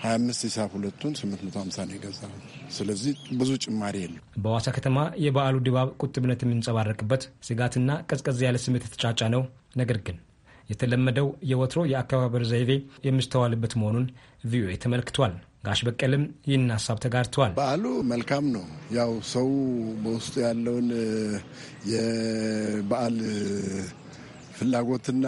Speaker 8: ሀያ አምስት ሂሳብ ሁለቱን ስምንት መቶ ሀምሳ ነው የገዛሁት። ስለዚህ ብዙ ጭማሪ የለም።
Speaker 9: በዋሳ ከተማ የበዓሉ ድባብ ቁጥብነት የሚንጸባረቅበት ስጋትና ቀዝቀዝ ያለ ስሜት የተጫጫ ነው ነገር ግን የተለመደው የወትሮ የአከባበር ዘይቤ የሚስተዋልበት መሆኑን ቪኦኤ ተመልክቷል። ጋሽ በቀልም ይህን ሀሳብ ተጋርተዋል።
Speaker 8: በዓሉ መልካም ነው። ያው ሰው በውስጡ ያለውን የበዓል ፍላጎትና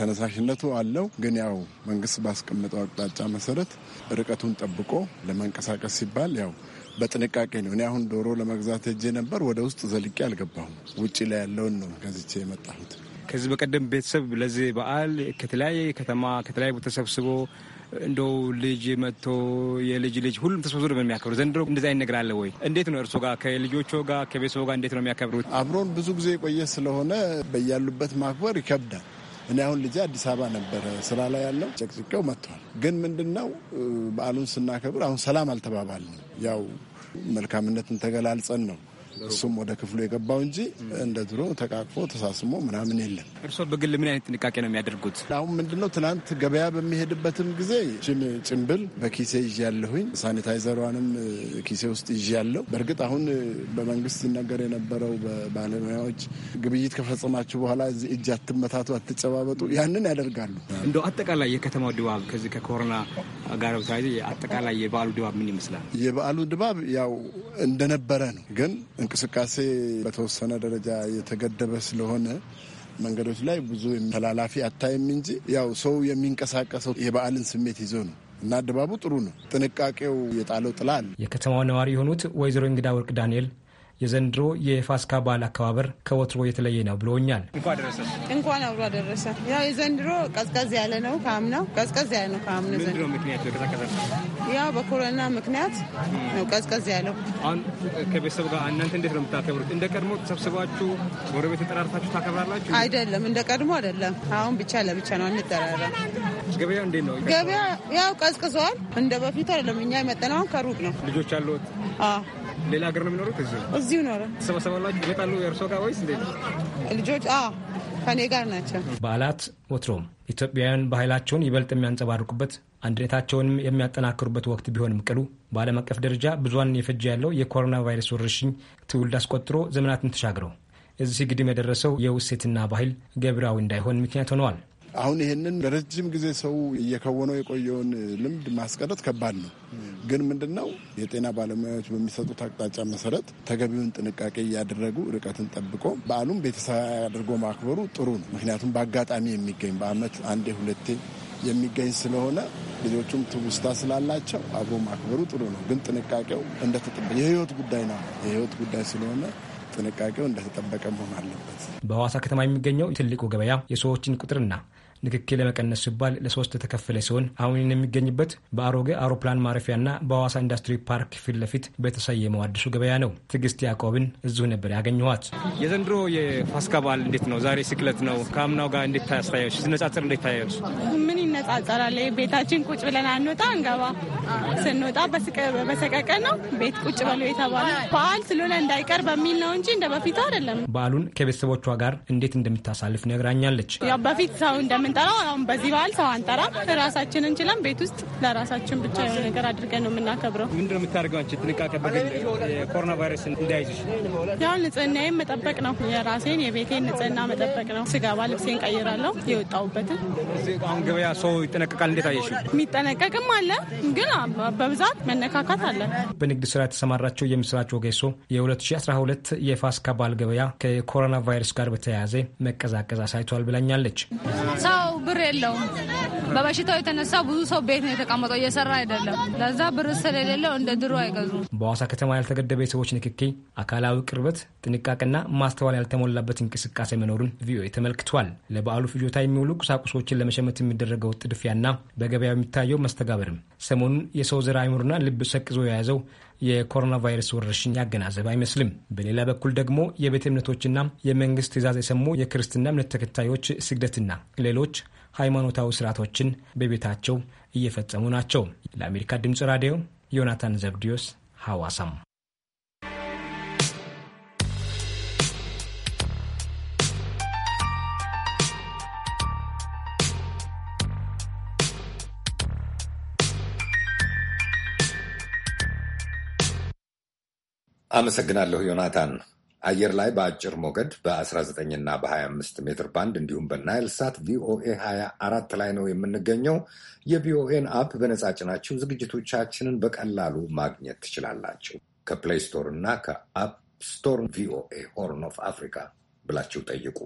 Speaker 8: ተነሳሽነቱ አለው። ግን ያው መንግስት ባስቀመጠው አቅጣጫ መሰረት ርቀቱን ጠብቆ ለመንቀሳቀስ ሲባል ያው በጥንቃቄ ነው። እኔ አሁን ዶሮ ለመግዛት ሄጄ ነበር። ወደ ውስጥ ዘልቄ አልገባሁም። ውጭ ላይ ያለውን ነው ገዝቼ የመጣሁት።
Speaker 9: ከዚህ በቀደም ቤተሰብ ለዚህ በዓል ከተለያየ ከተማ ከተለያየ ቦታ ተሰብስቦ እንደው ልጅ መጥቶ የልጅ ልጅ ሁሉም ተሰብስቦ ነው የሚያከብሩ። ዘንድሮ እንደዚህ አይነት ነገር አለ ወይ? እንዴት ነው እርሶ ጋር ከልጆቹ ጋር ከቤተሰቡ ጋር እንዴት ነው የሚያከብሩት?
Speaker 8: አብሮን ብዙ ጊዜ የቆየ ስለሆነ በያሉበት ማክበር ይከብዳል። እኔ አሁን ልጄ አዲስ አበባ ነበረ ስራ ላይ ያለው ጨቅጭቄው መጥቷል። ግን ምንድን ነው በዓሉን ስናከብር አሁን ሰላም አልተባባልንም። ያው መልካምነትን ተገላልጸን ነው እሱም ወደ ክፍሉ የገባው እንጂ እንደ ድሮ ተቃቅፎ ተሳስሞ ምናምን የለም። እርስዎ በግል ምን አይነት ጥንቃቄ ነው የሚያደርጉት? አሁን ምንድነው ትናንት ገበያ በሚሄድበትም ጊዜ ጭንብል በኪሴ ይዤ ያለሁኝ ሳኒታይዘሯንም ኪሴ ውስጥ ይዤ ያለው። በእርግጥ አሁን በመንግስት ሲነገር የነበረው በባለሙያዎች ግብይት ከፈጸማችሁ በኋላ እጅ አትመታቱ፣ አትጨባበጡ ያንን ያደርጋሉ።
Speaker 9: እንደው አጠቃላይ የከተማው ድባብ ከዚህ ከኮሮና ጋር በተያያዘ አጠቃላይ የበዓሉ ድባብ ምን ይመስላል?
Speaker 8: የበዓሉ ድባብ ያው እንደነበረ ነው ግን እንቅስቃሴ በተወሰነ ደረጃ የተገደበ ስለሆነ መንገዶች ላይ ብዙ ተላላፊ አታይም እንጂ ያው ሰው የሚንቀሳቀሰው የበዓልን ስሜት ይዞ ነው እና አደባቡ ጥሩ ነው። ጥንቃቄው የጣለው ጥላ አለ።
Speaker 9: የከተማው ነዋሪ የሆኑት ወይዘሮ እንግዳ ወርቅ ዳንኤል የዘንድሮ የፋሲካ በዓል አከባበር ከወትሮ የተለየ ነው ብሎኛል።
Speaker 4: እንኳን አብሮ አደረሰ። ያው የዘንድሮ ቀዝቀዝ ያለ ነው ከአምናው፣ ቀዝቀዝ ያለ ነው ከአምናው። ያው በኮሮና ምክንያት ነው ቀዝቀዝ ያለው።
Speaker 9: አሁን ከቤተሰብ ጋር እናንተ እንዴት ነው የምታከብሩት? እንደ ቀድሞ ተሰብስባችሁ ጎረቤት ተጠራርታችሁ ታከብራላችሁ?
Speaker 4: አይደለም፣ እንደ ቀድሞ አይደለም። አሁን ብቻ ለብቻ ነው እንጠራራ።
Speaker 9: ገበያ እንዴት ነው? ገበያ
Speaker 4: ያው ቀዝቅዘዋል፣ እንደ በፊቱ አይደለም። እኛ የመጠናውን ከሩቅ ነው።
Speaker 9: ልጆች አሉት ሌላ ሀገር ነው የሚኖሩት? እዚሁ እዚሁ ኖረ ተሰባሰባላችሁ ይመጣሉ የእርሶ ጋር ወይስ እንዴት?
Speaker 4: ልጆች ከኔ ጋር ናቸው።
Speaker 9: በዓላት ወትሮም ኢትዮጵያውያን ባህላቸውን ይበልጥ የሚያንጸባርቁበት አንድነታቸውንም የሚያጠናክሩበት ወቅት ቢሆንም ቅሉ በዓለም አቀፍ ደረጃ ብዙን የፈጀ ያለው የኮሮና ቫይረስ ወረርሽኝ ትውልድ አስቆጥሮ ዘመናትን ተሻግረው እዚህ ግድም የደረሰው የውሴትና ባህል ገብራዊ እንዳይሆን ምክንያት ሆነዋል።
Speaker 8: አሁን ይህንን ለረጅም ጊዜ ሰው እየከወነው የቆየውን ልምድ ማስቀረት ከባድ ነው። ግን ምንድን ነው የጤና ባለሙያዎች በሚሰጡት አቅጣጫ መሰረት ተገቢውን ጥንቃቄ እያደረጉ ርቀትን ጠብቆ በዓሉም ቤተሰብ አድርጎ ማክበሩ ጥሩ ነው። ምክንያቱም በአጋጣሚ የሚገኝ በዓመት አንዴ ሁለቴ የሚገኝ ስለሆነ ልጆቹም ትውስታ ስላላቸው አብሮ ማክበሩ ጥሩ ነው። ግን ጥንቃቄው እንደተጠበ የህይወት ጉዳይ ነው። የህይወት ጉዳይ ስለሆነ ጥንቃቄው እንደተጠበቀ መሆን አለበት።
Speaker 9: በሐዋሳ ከተማ የሚገኘው ትልቁ ገበያ የሰዎችን ቁጥርና ንክኬ ለመቀነስ ሲባል ለሶስት የተከፈለ ሲሆን አሁን የሚገኝበት በአሮጌ አውሮፕላን ማረፊያና በሐዋሳ ኢንዱስትሪ ፓርክ ፊት ለፊት በተሰየመው አዲሱ ገበያ ነው። ትዕግስት ያዕቆብን እዚሁ ነበር ያገኘኋት። የዘንድሮ የፋሲካ በዓል እንዴት ነው? ዛሬ ስቅለት ነው። ከአምናው ጋር እንዴት ታያስታያች? ሲነጻጽር እንዴት ታያች?
Speaker 4: ምን ይነጻጸራል? ቤታችን ቁጭ ብለን አንወጣ እንገባ ስንወጣ በሰቀቀ ነው ቤት ቁጭ በሉ የተባለ በዓል ስለሆነ እንዳይቀር በሚል ነው እንጂ እንደ በፊቱ አይደለም።
Speaker 9: በዓሉን ከቤተሰቦቿ ጋር እንዴት እንደምታሳልፍ ነግራኛለች።
Speaker 4: ያው በፊት ሰው እንደምን የምንጠራው አሁን በዚህ በዓል ሰው አንጠራም። ራሳችን እንችላም ቤት ውስጥ ለራሳችን ብቻ የሆነ ነገር አድርገን ነው የምናከብረው።
Speaker 9: ምንድን ነው የምታደርገው አንቺ ጥንቃቄ በግል የኮሮና ቫይረስ እንዳይዙሽ?
Speaker 4: ያው ንጽህናዬን መጠበቅ ነው። የራሴን የቤቴን ንጽህና መጠበቅ ነው። ስገባ ልብሴን ቀይራለሁ። የወጣሁበትን
Speaker 9: አሁን ገበያ ሰው ይጠነቀቃል። እንዴት አየሽ?
Speaker 4: የሚጠነቀቅም አለ፣ ግን በብዛት መነካካት አለ።
Speaker 9: በንግድ ስራ የተሰማራቸው የምስራች ወገሶ የ2012 የፋሲካ በዓል ገበያ ከኮሮና ቫይረስ ጋር በተያያዘ መቀዛቀዝ አሳይቷል ብላኛለች።
Speaker 4: ሰው ሰው ብር የለውም። በበሽታው የተነሳ ብዙ ሰው ቤት ነው የተቀመጠው፣ እየሰራ አይደለም። ለዛ ብር ስለሌለው እንደ ድሮ አይገዙም።
Speaker 9: በሐዋሳ ከተማ ያልተገደበ የሰዎች ንክኪ፣ አካላዊ ቅርበት፣ ጥንቃቄና ማስተዋል ያልተሞላበት እንቅስቃሴ መኖሩን ቪኦኤ ተመልክቷል። ለበዓሉ ፍጆታ የሚውሉ ቁሳቁሶችን ለመሸመት የሚደረገው ጥድፊያና በገበያው የሚታየው መስተጋበርም ሰሞኑን የሰው ዘር አይምሮና ልብ ሰቅዞ የያዘው የኮሮና ቫይረስ ወረርሽኝ ያገናዘበ አይመስልም። በሌላ በኩል ደግሞ የቤተ እምነቶችና የመንግስት ትእዛዝ የሰሙ የክርስትና እምነት ተከታዮች ስግደትና ሌሎች ሃይማኖታዊ ስርዓቶችን በቤታቸው እየፈጸሙ ናቸው። ለአሜሪካ ድምፅ ራዲዮ ዮናታን ዘብዲዮስ ሐዋሳም
Speaker 1: አመሰግናለሁ ዮናታን። አየር ላይ በአጭር ሞገድ በ19 እና በ25 ሜትር ባንድ እንዲሁም በናይል ሳት ቪኦኤ 24 ላይ ነው የምንገኘው። የቪኦኤን አፕ በነጻ ጭናችሁ ዝግጅቶቻችንን በቀላሉ ማግኘት ትችላላችሁ። ከፕሌይ ስቶር እና ከአፕ ስቶር ቪኦኤ ሆርን ኦፍ አፍሪካ ብላችሁ ጠይቁ።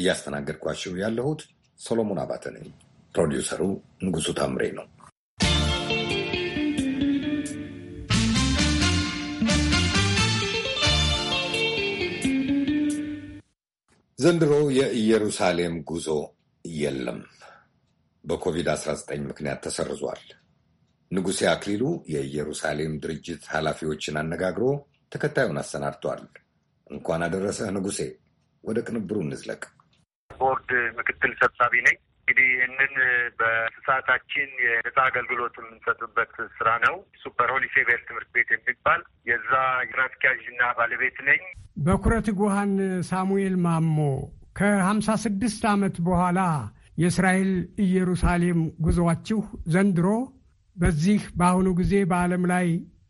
Speaker 1: እያስተናገድኳችሁ ያለሁት ሶሎሞን አባተ ነኝ። ፕሮዲውሰሩ ንጉሱ ታምሬ ነው። ዘንድሮ የኢየሩሳሌም ጉዞ የለም፣ በኮቪድ-19 ምክንያት ተሰርዟል። ንጉሴ አክሊሉ የኢየሩሳሌም ድርጅት ኃላፊዎችን አነጋግሮ ተከታዩን አሰናድቷል። እንኳን አደረሰህ ንጉሴ። ወደ ቅንብሩ እንዝለቅ። ቦርድ ምክትል ሰብሳቢ ነኝ። እንግዲህ ይህንን በእንስሳታችን
Speaker 10: የነጻ አገልግሎት የምንሰጥበት ስራ ነው። ሱፐር ሆሊሴቤር ትምህርት ቤት የሚባል የዛ ስራ አስኪያጅና ባለቤት ነኝ።
Speaker 11: በኩረት ጉሃን ሳሙኤል ማሞ ከሀምሳ ስድስት ዓመት በኋላ የእስራኤል ኢየሩሳሌም ጉዞአችሁ ዘንድሮ በዚህ በአሁኑ ጊዜ በዓለም ላይ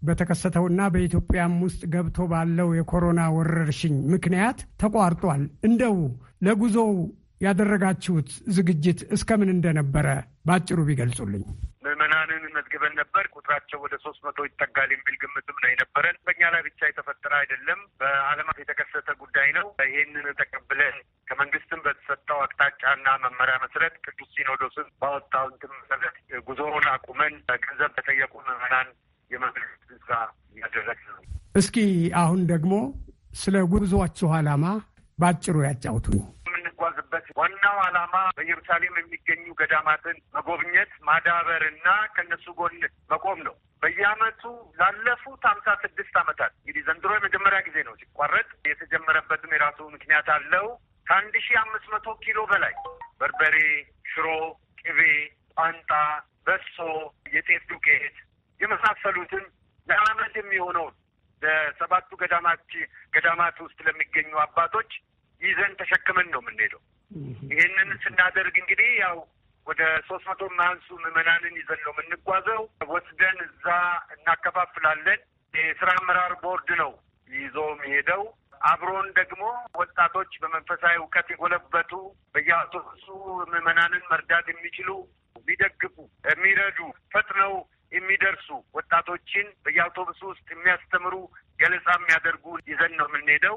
Speaker 11: በተከሰተውና በኢትዮጵያም ውስጥ ገብቶ ባለው የኮሮና ወረርሽኝ ምክንያት ተቋርጧል። እንደው ለጉዞው ያደረጋችሁት ዝግጅት እስከምን እንደነበረ በአጭሩ ቢገልጹልኝ።
Speaker 10: ምዕመናንን መዝግበን ነበር። ቁጥራቸው ወደ ሶስት መቶ ይጠጋል የሚል ግምትም ነው የነበረን። በእኛ ላይ ብቻ የተፈጠረ አይደለም፣ በዓለማት የተከሰተ ጉዳይ ነው። ይህንን ተቀብለን ከመንግስትም በተሰጠው አቅጣጫና መመሪያ መሰረት ቅዱስ ሲኖዶስን ባወጣው እንትን መሰረት ጉዞውን አቁመን ገንዘብ በጠየቁ ምዕመናን የመንግስት ስራ እያደረግን ነው።
Speaker 11: እስኪ አሁን ደግሞ ስለ ጉዞአችሁ ዓላማ በአጭሩ ያጫውቱኝ።
Speaker 10: የሚጓዝበት ዋናው ዓላማ በኢየሩሳሌም የሚገኙ ገዳማትን መጎብኘት፣ ማዳበር እና ከእነሱ ጎን መቆም ነው። በየዓመቱ ላለፉት ሀምሳ ስድስት ዓመታት እንግዲህ ዘንድሮ የመጀመሪያ ጊዜ ነው ሲቋረጥ። የተጀመረበትም የራሱ ምክንያት አለው። ከአንድ ሺህ አምስት መቶ ኪሎ በላይ በርበሬ፣ ሽሮ፣ ቅቤ፣ ቋንጣ፣ በሶ፣ የጤፍ ዱቄት የመሳሰሉትን ለዓመት የሚሆነውን በሰባቱ ገዳማች ገዳማት ውስጥ ለሚገኙ አባቶች ይዘን ተሸክመን ነው የምንሄደው። ይህንን ስናደርግ እንግዲህ ያው ወደ ሶስት መቶ ማንሱ ምዕመናንን ይዘን ነው የምንጓዘው። ወስደን እዛ እናከፋፍላለን። የስራ አመራር ቦርድ ነው ይዞ የሚሄደው። አብሮን ደግሞ ወጣቶች በመንፈሳዊ እውቀት የጎለበቱ በየአውቶቡሱ ምዕመናንን መርዳት የሚችሉ የሚደግፉ፣ የሚረዱ፣ ፈጥነው የሚደርሱ ወጣቶችን በየአውቶቡሱ ውስጥ የሚያስተምሩ ገለጻ የሚያደርጉ ይዘን ነው የምንሄደው።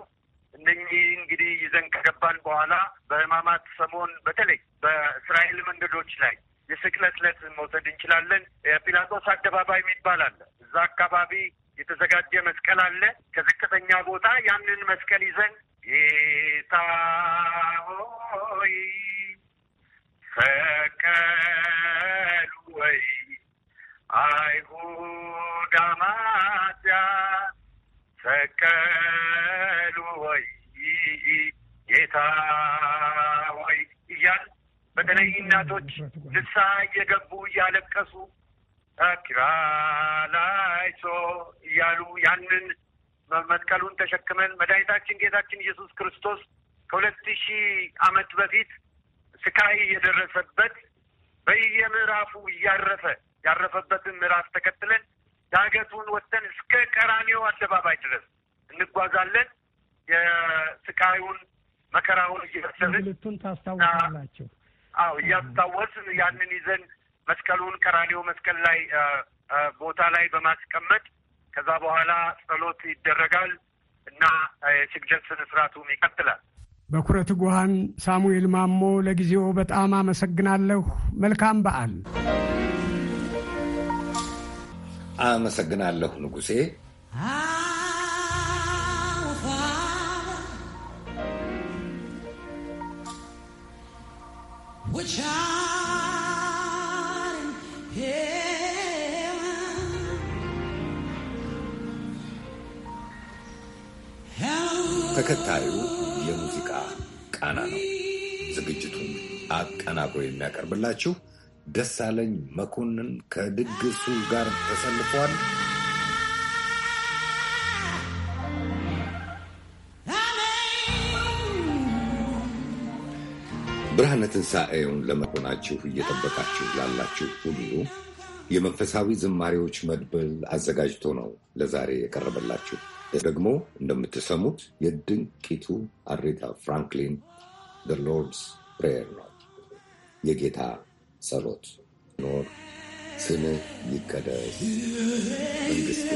Speaker 10: እነኚህ እንግዲህ ይዘን ከገባን በኋላ በህማማት ሰሞን በተለይ በእስራኤል መንገዶች ላይ የስቅለት ዕለት መውሰድ እንችላለን። ጲላጦስ አደባባይ የሚባል አለ። እዛ አካባቢ የተዘጋጀ መስቀል አለ። ከዝቅተኛ ቦታ ያንን መስቀል ይዘን ጌታ ሆይ ሰቀሉ ወይ አይሁድ ሰቀሉ ወይ ጌታ ወይ እያል በተለይ እናቶች ንስሐ እየገቡ እያለቀሱ ኪራላይሶ እያሉ ያንን መስቀሉን ተሸክመን መድኃኒታችን ጌታችን ኢየሱስ ክርስቶስ ከሁለት ሺህ ዓመት በፊት ስቃይ የደረሰበት በየምዕራፉ እያረፈ ያረፈበትን ምዕራፍ ተከትለን ዳገቱን ወጥተን እስከ ቀራኔው አደባባይ ድረስ እንጓዛለን። የስቃዩን መከራውን እየመሰልን
Speaker 7: ታስታውሳላቸው።
Speaker 10: አዎ እያስታወስን ያንን ይዘን መስቀሉን ቀራኔው መስቀል ላይ ቦታ ላይ በማስቀመጥ ከዛ በኋላ ጸሎት ይደረጋል እና የስግደት ስነ ስርዓቱም ይቀጥላል።
Speaker 11: በኩረት ጉሃን ሳሙኤል ማሞ፣ ለጊዜው በጣም አመሰግናለሁ። መልካም በዓል
Speaker 1: አመሰግናለሁ ንጉሴ። ተከታዩ የሙዚቃ ቃና ነው። ዝግጅቱን አቀናብሮ የሚያቀርብላችሁ ደሳለኝ መኮንን ከድግሱ ጋር ተሰልፏል። ብርሃነ ትንሣኤውን ለመኮናችሁ እየጠበቃችሁ ላላችሁ ሁሉ የመንፈሳዊ ዝማሬዎች መድብል አዘጋጅቶ ነው ለዛሬ የቀረበላችሁ። ደግሞ እንደምትሰሙት የድንቂቱ አሬታ ፍራንክሊን ዘ ሎርድስ ፕሬየር ነው የጌታ ጸሎት ኖር ስምህ ይቀደስ
Speaker 5: መንግስት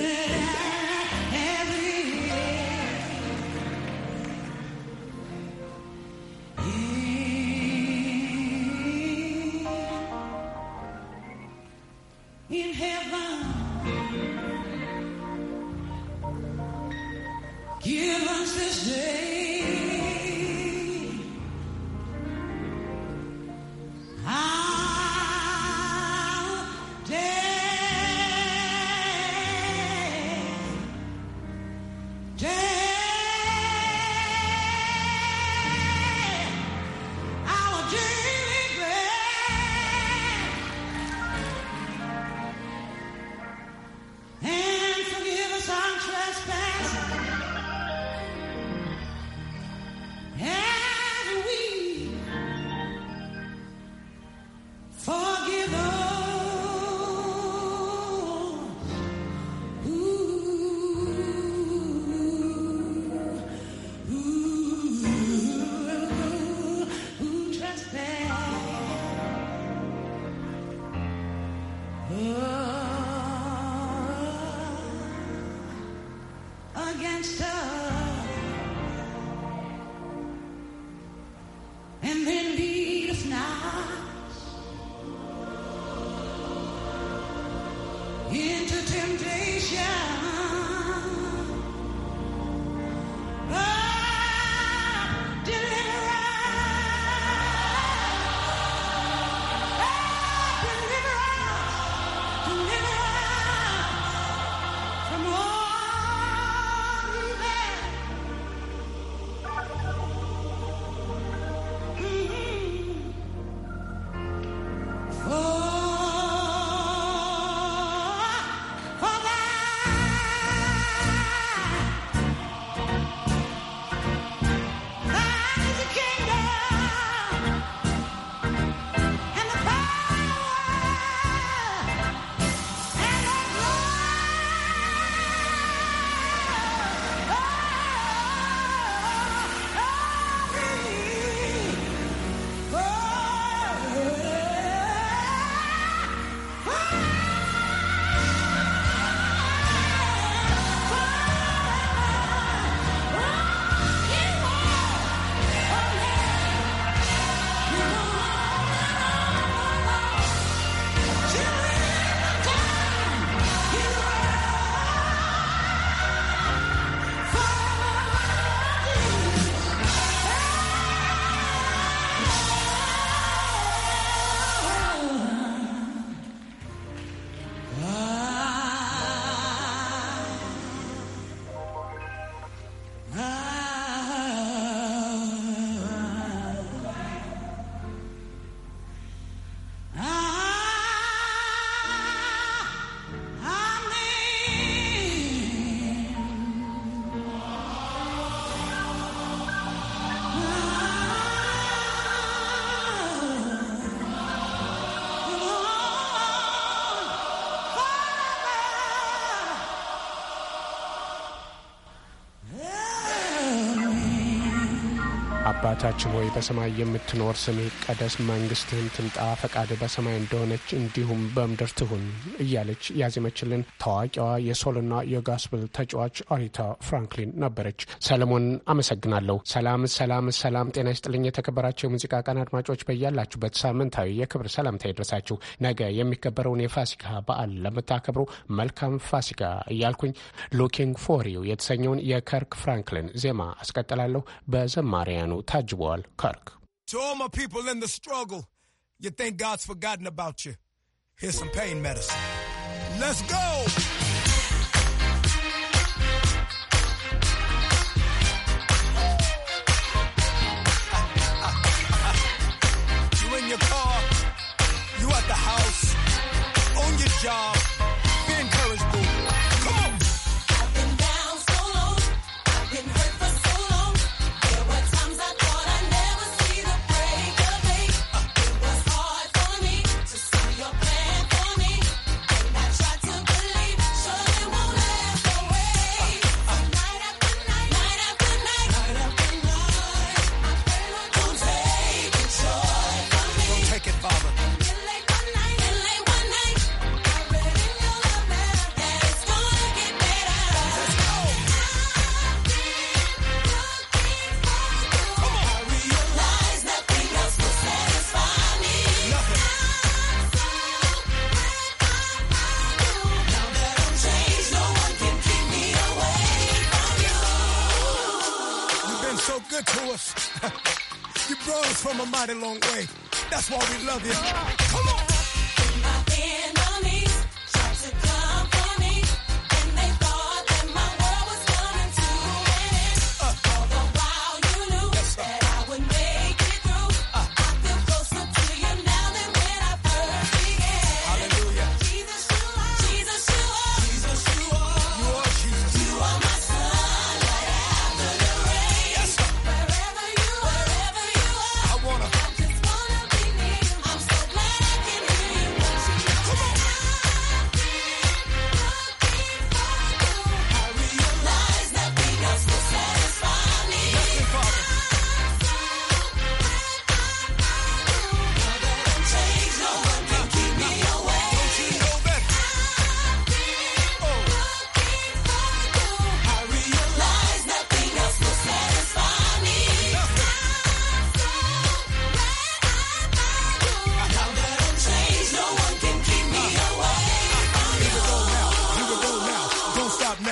Speaker 11: አባታችን ሆይ በሰማይ የምትኖር ስምህ ይቀደስ፣ መንግስትህን ትምጣ፣ ፈቃድ በሰማይ እንደሆነች እንዲሁም በምድር ትሁን እያለች ያዜመችልን ታዋቂዋ የሶልና የጋስፕል ተጫዋች አሪታ ፍራንክሊን ነበረች። ሰለሞን አመሰግናለሁ። ሰላም ሰላም ሰላም። ጤና ይስጥልኝ የተከበራቸው የሙዚቃ ቀን አድማጮች በያላችሁበት ሳምንታዊ የክብር ሰላምታ ይድረሳችሁ። ነገ የሚከበረውን የፋሲካ በዓል ለምታከብሩ መልካም ፋሲካ እያልኩኝ ሉኪንግ ፎር ዩ የተሰኘውን የከርክ ፍራንክሊን ዜማ አስቀጥላለሁ በዘማሪያኑ ታጅ To
Speaker 5: all my people in the struggle, you think God's forgotten about you. Here's some pain medicine. Let's go! You in your car, you at the house, on your job.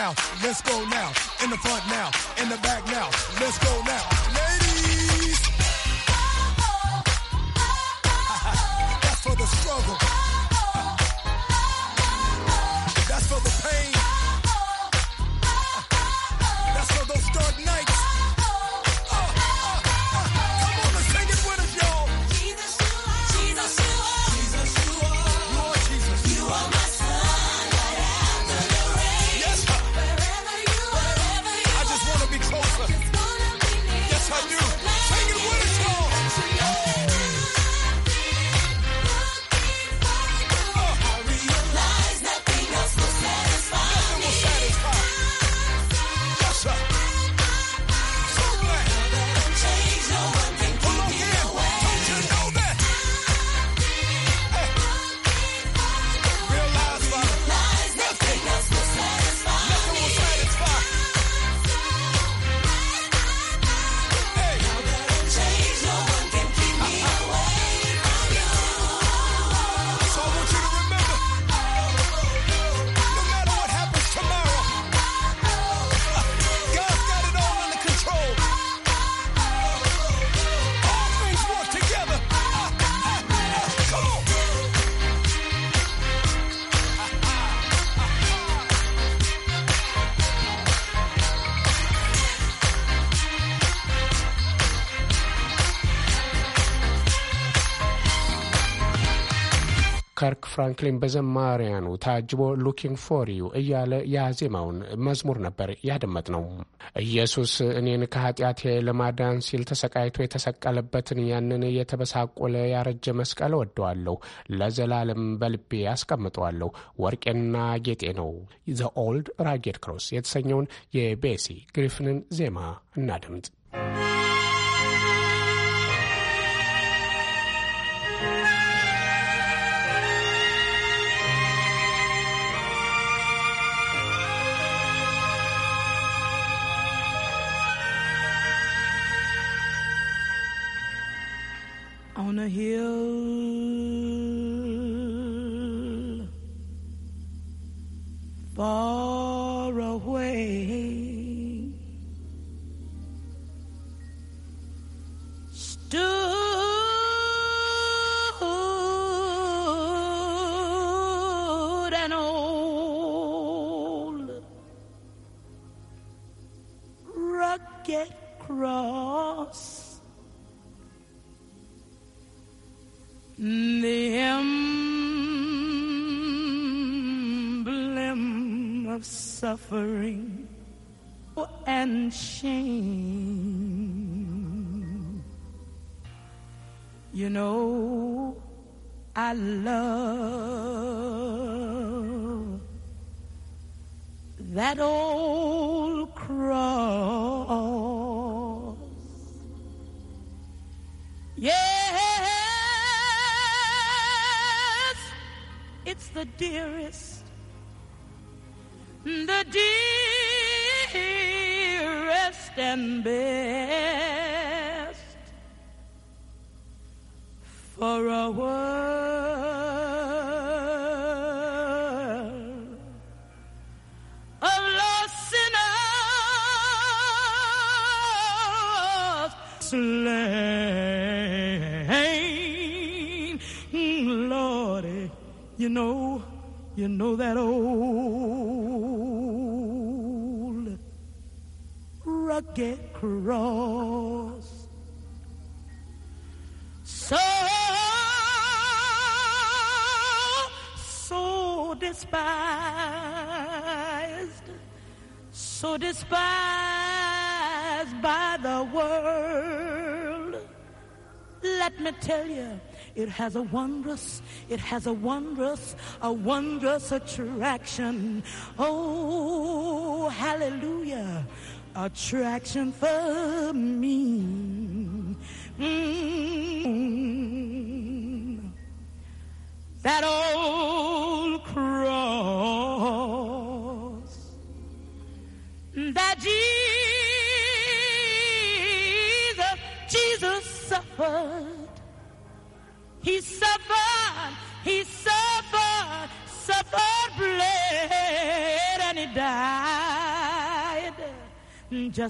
Speaker 5: now. Let's go now. In the front now. In the back now. Let's go now.
Speaker 11: ፍራንክሊን በዘማሪያኑ ታጅቦ ሉኪንግ ፎር ዩ እያለ ያዜማውን መዝሙር ነበር ያደመጥ ነው። ኢየሱስ እኔን ከኃጢአቴ ለማዳን ሲል ተሰቃይቶ የተሰቀለበትን ያንን የተበሳቆለ ያረጀ መስቀል ወደዋለሁ ለዘላለም በልቤ ያስቀምጠዋለሁ። ወርቄና ጌጤ ነው። ዘ ኦልድ ራጌድ ክሮስ የተሰኘውን የቤሲ ግሪፍንን ዜማ እናድምጥ።
Speaker 12: on a hill far away stood an old rugged cross the emblem of suffering and shame. You know, I love that old cross. Yeah. the dearest, the dearest and best for a world. despised by the world. Let me tell you, it has a wondrous, it has a wondrous, a wondrous attraction. Oh, hallelujah, attraction for me.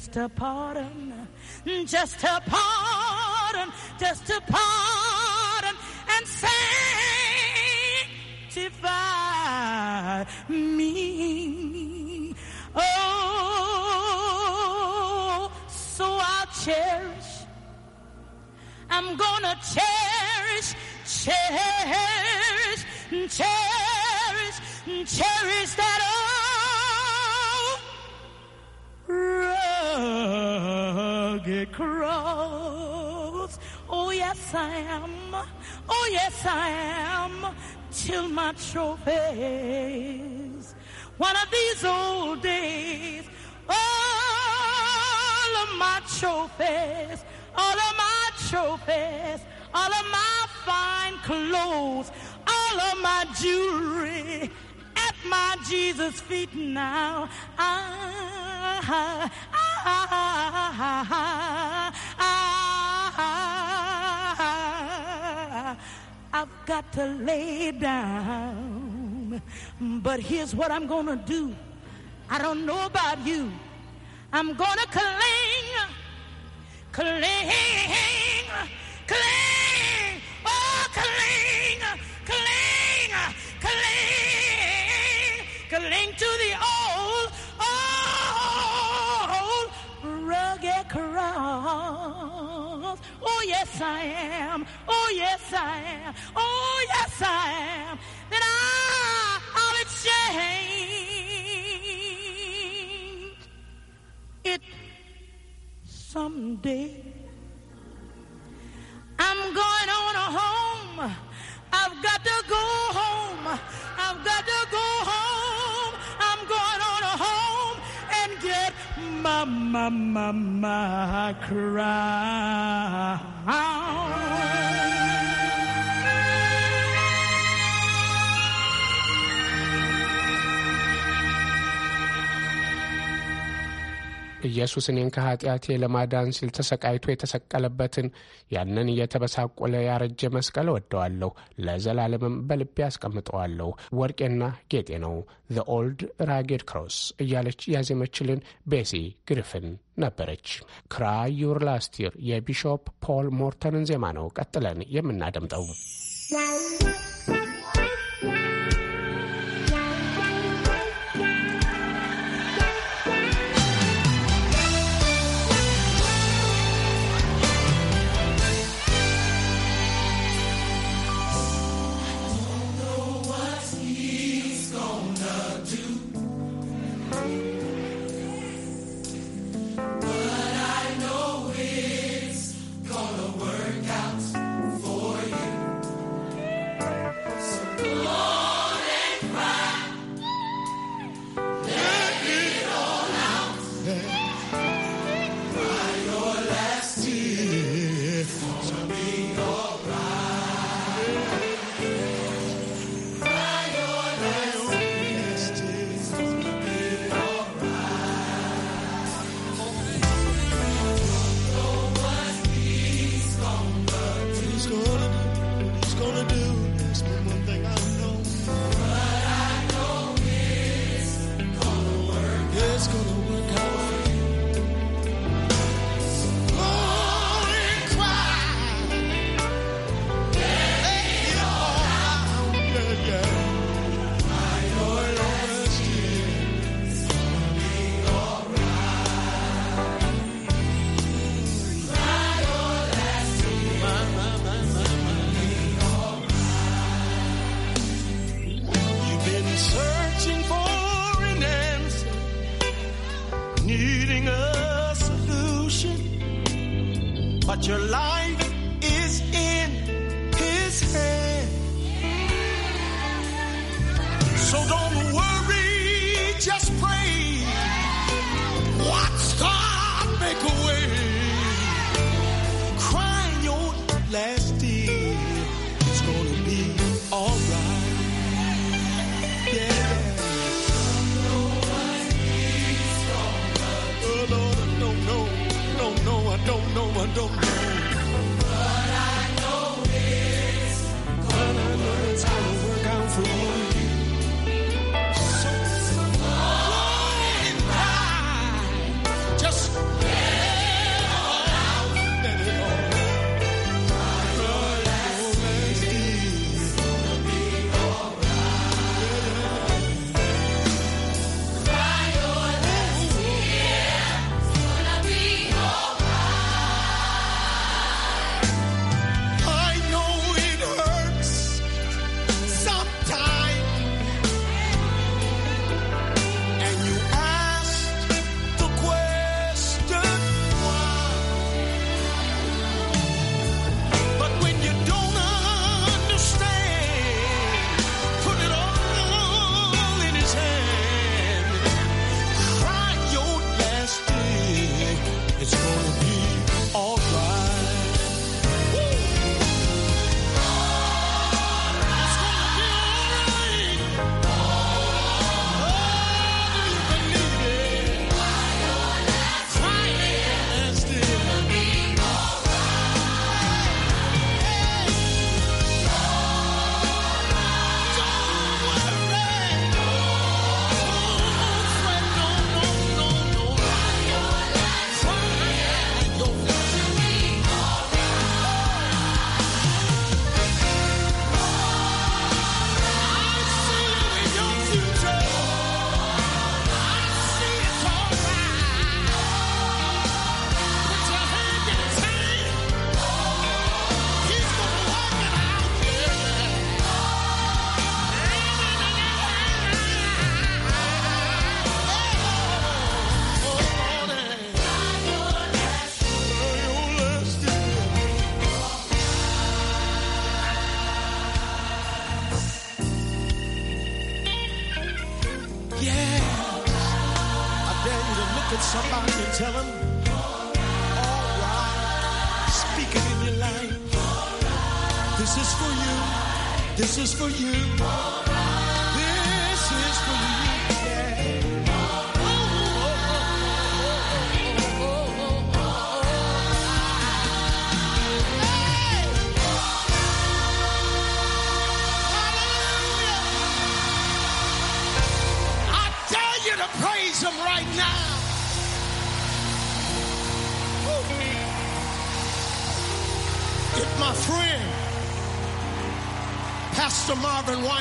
Speaker 12: just a pardon, just a pardon, just a pardon, and sanctify me. Oh, so I'll cherish. I'm gonna cherish, cherish, cherish, cherish that. cross. Oh yes I am. Oh yes I am. Till my trophies. One of these old days. All of my trophies. All of my trophies. All of my fine clothes. All of my jewelry. At my Jesus feet now. I, ah, I I've got to lay down. But here's what I'm going to do. I don't know about you. I'm going to cling, cling, cling, oh, cling, cling, cling, cling to the cross. Oh, yes, I am. Oh, yes, I am. Oh, yes, I am. Then I, I'll exchange it someday. I'm going on home. I've got to go home. I've got to go home. my, my, my, my crown.
Speaker 11: ኢየሱስ እኔን ከኃጢአቴ ለማዳን ሲል ተሰቃይቶ የተሰቀለበትን ያንን እየተበሳቆለ ያረጀ መስቀል ወደዋለሁ ለዘላለምም በልቤ ያስቀምጠዋለሁ። ወርቄና ጌጤ ነው። ዘ ኦልድ ራጌድ ክሮስ እያለች ያዜመችልን ቤሲ ግሪፍን ነበረች። ክራይ ዩር ላስት ይር የቢሾፕ ፖል ሞርተንን ዜማ ነው ቀጥለን የምናደምጠው።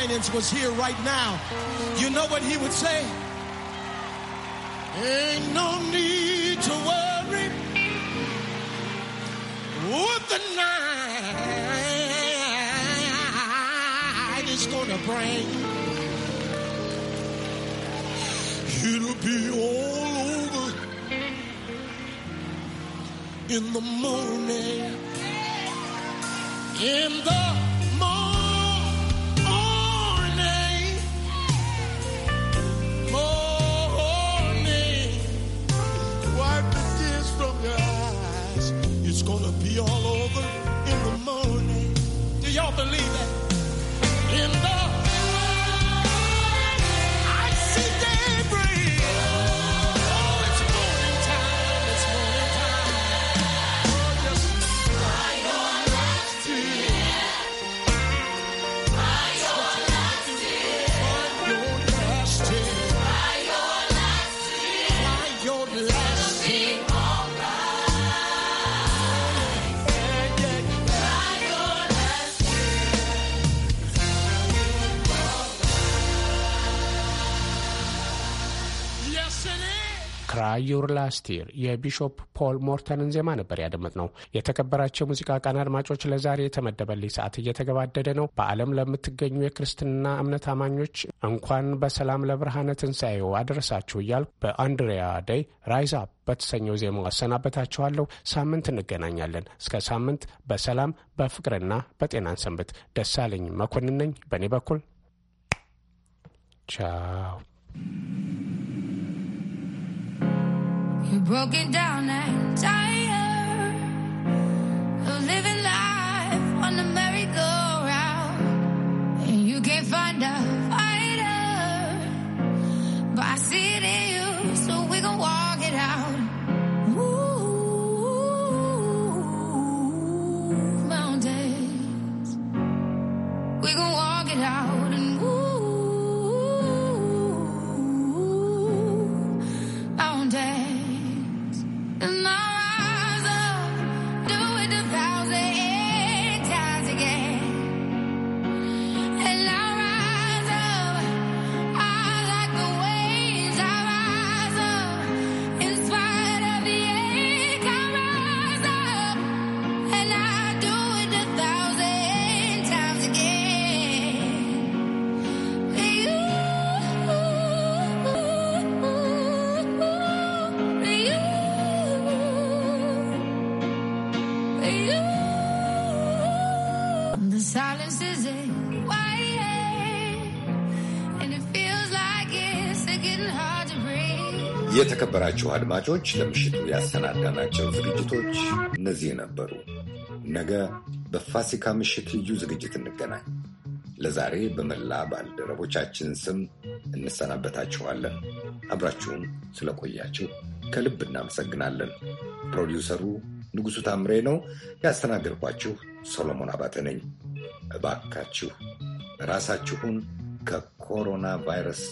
Speaker 5: finance was here right now, you know what he would say? Ain't no need to worry what the night is gonna bring. It'll be all over in the morning. In the
Speaker 11: ስቲር የቢሾፕ ፖል ሞርተንን ዜማ ነበር ያደመጥ ነው። የተከበራቸው የሙዚቃ ቃና አድማጮች፣ ለዛሬ የተመደበልኝ ሰዓት እየተገባደደ ነው። በዓለም ለምትገኙ የክርስትና እምነት አማኞች እንኳን በሰላም ለብርሃነ ትንሣኤው አደረሳችሁ እያልኩ በአንድሪያ ደይ ራይዛ በተሰኘው ዜማ አሰናበታችኋለሁ። ሳምንት እንገናኛለን። እስከ ሳምንት በሰላም በፍቅርና በጤናን ሰንብት። ደሳለኝ መኮንን ነኝ። በእኔ በኩል ቻው።
Speaker 13: You're broken down and tired of living
Speaker 1: የተከበራችሁ አድማጮች ለምሽቱ ያሰናዳናቸው ዝግጅቶች እነዚህ ነበሩ። ነገ በፋሲካ ምሽት ልዩ ዝግጅት እንገናኝ። ለዛሬ በመላ ባልደረቦቻችን ስም እንሰናበታችኋለን። አብራችሁን ስለቆያችሁ ከልብ እናመሰግናለን። ፕሮዲውሰሩ ንጉሡ ታምሬ ነው። ያስተናገድኳችሁ ሶሎሞን አባተ ነኝ። እባካችሁ ራሳችሁን ከኮሮና ቫይረስ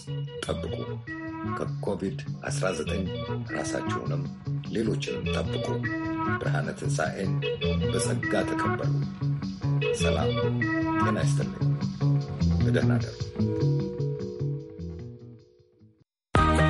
Speaker 1: ጠብቁ። ከኮቪድ-19 ራሳችሁንም ሌሎችንም ጠብቁ። ብርሃነ ትንሣኤን በጸጋ ተቀበሉ። ሰላም ጤና ይስጥልኝ። በደህና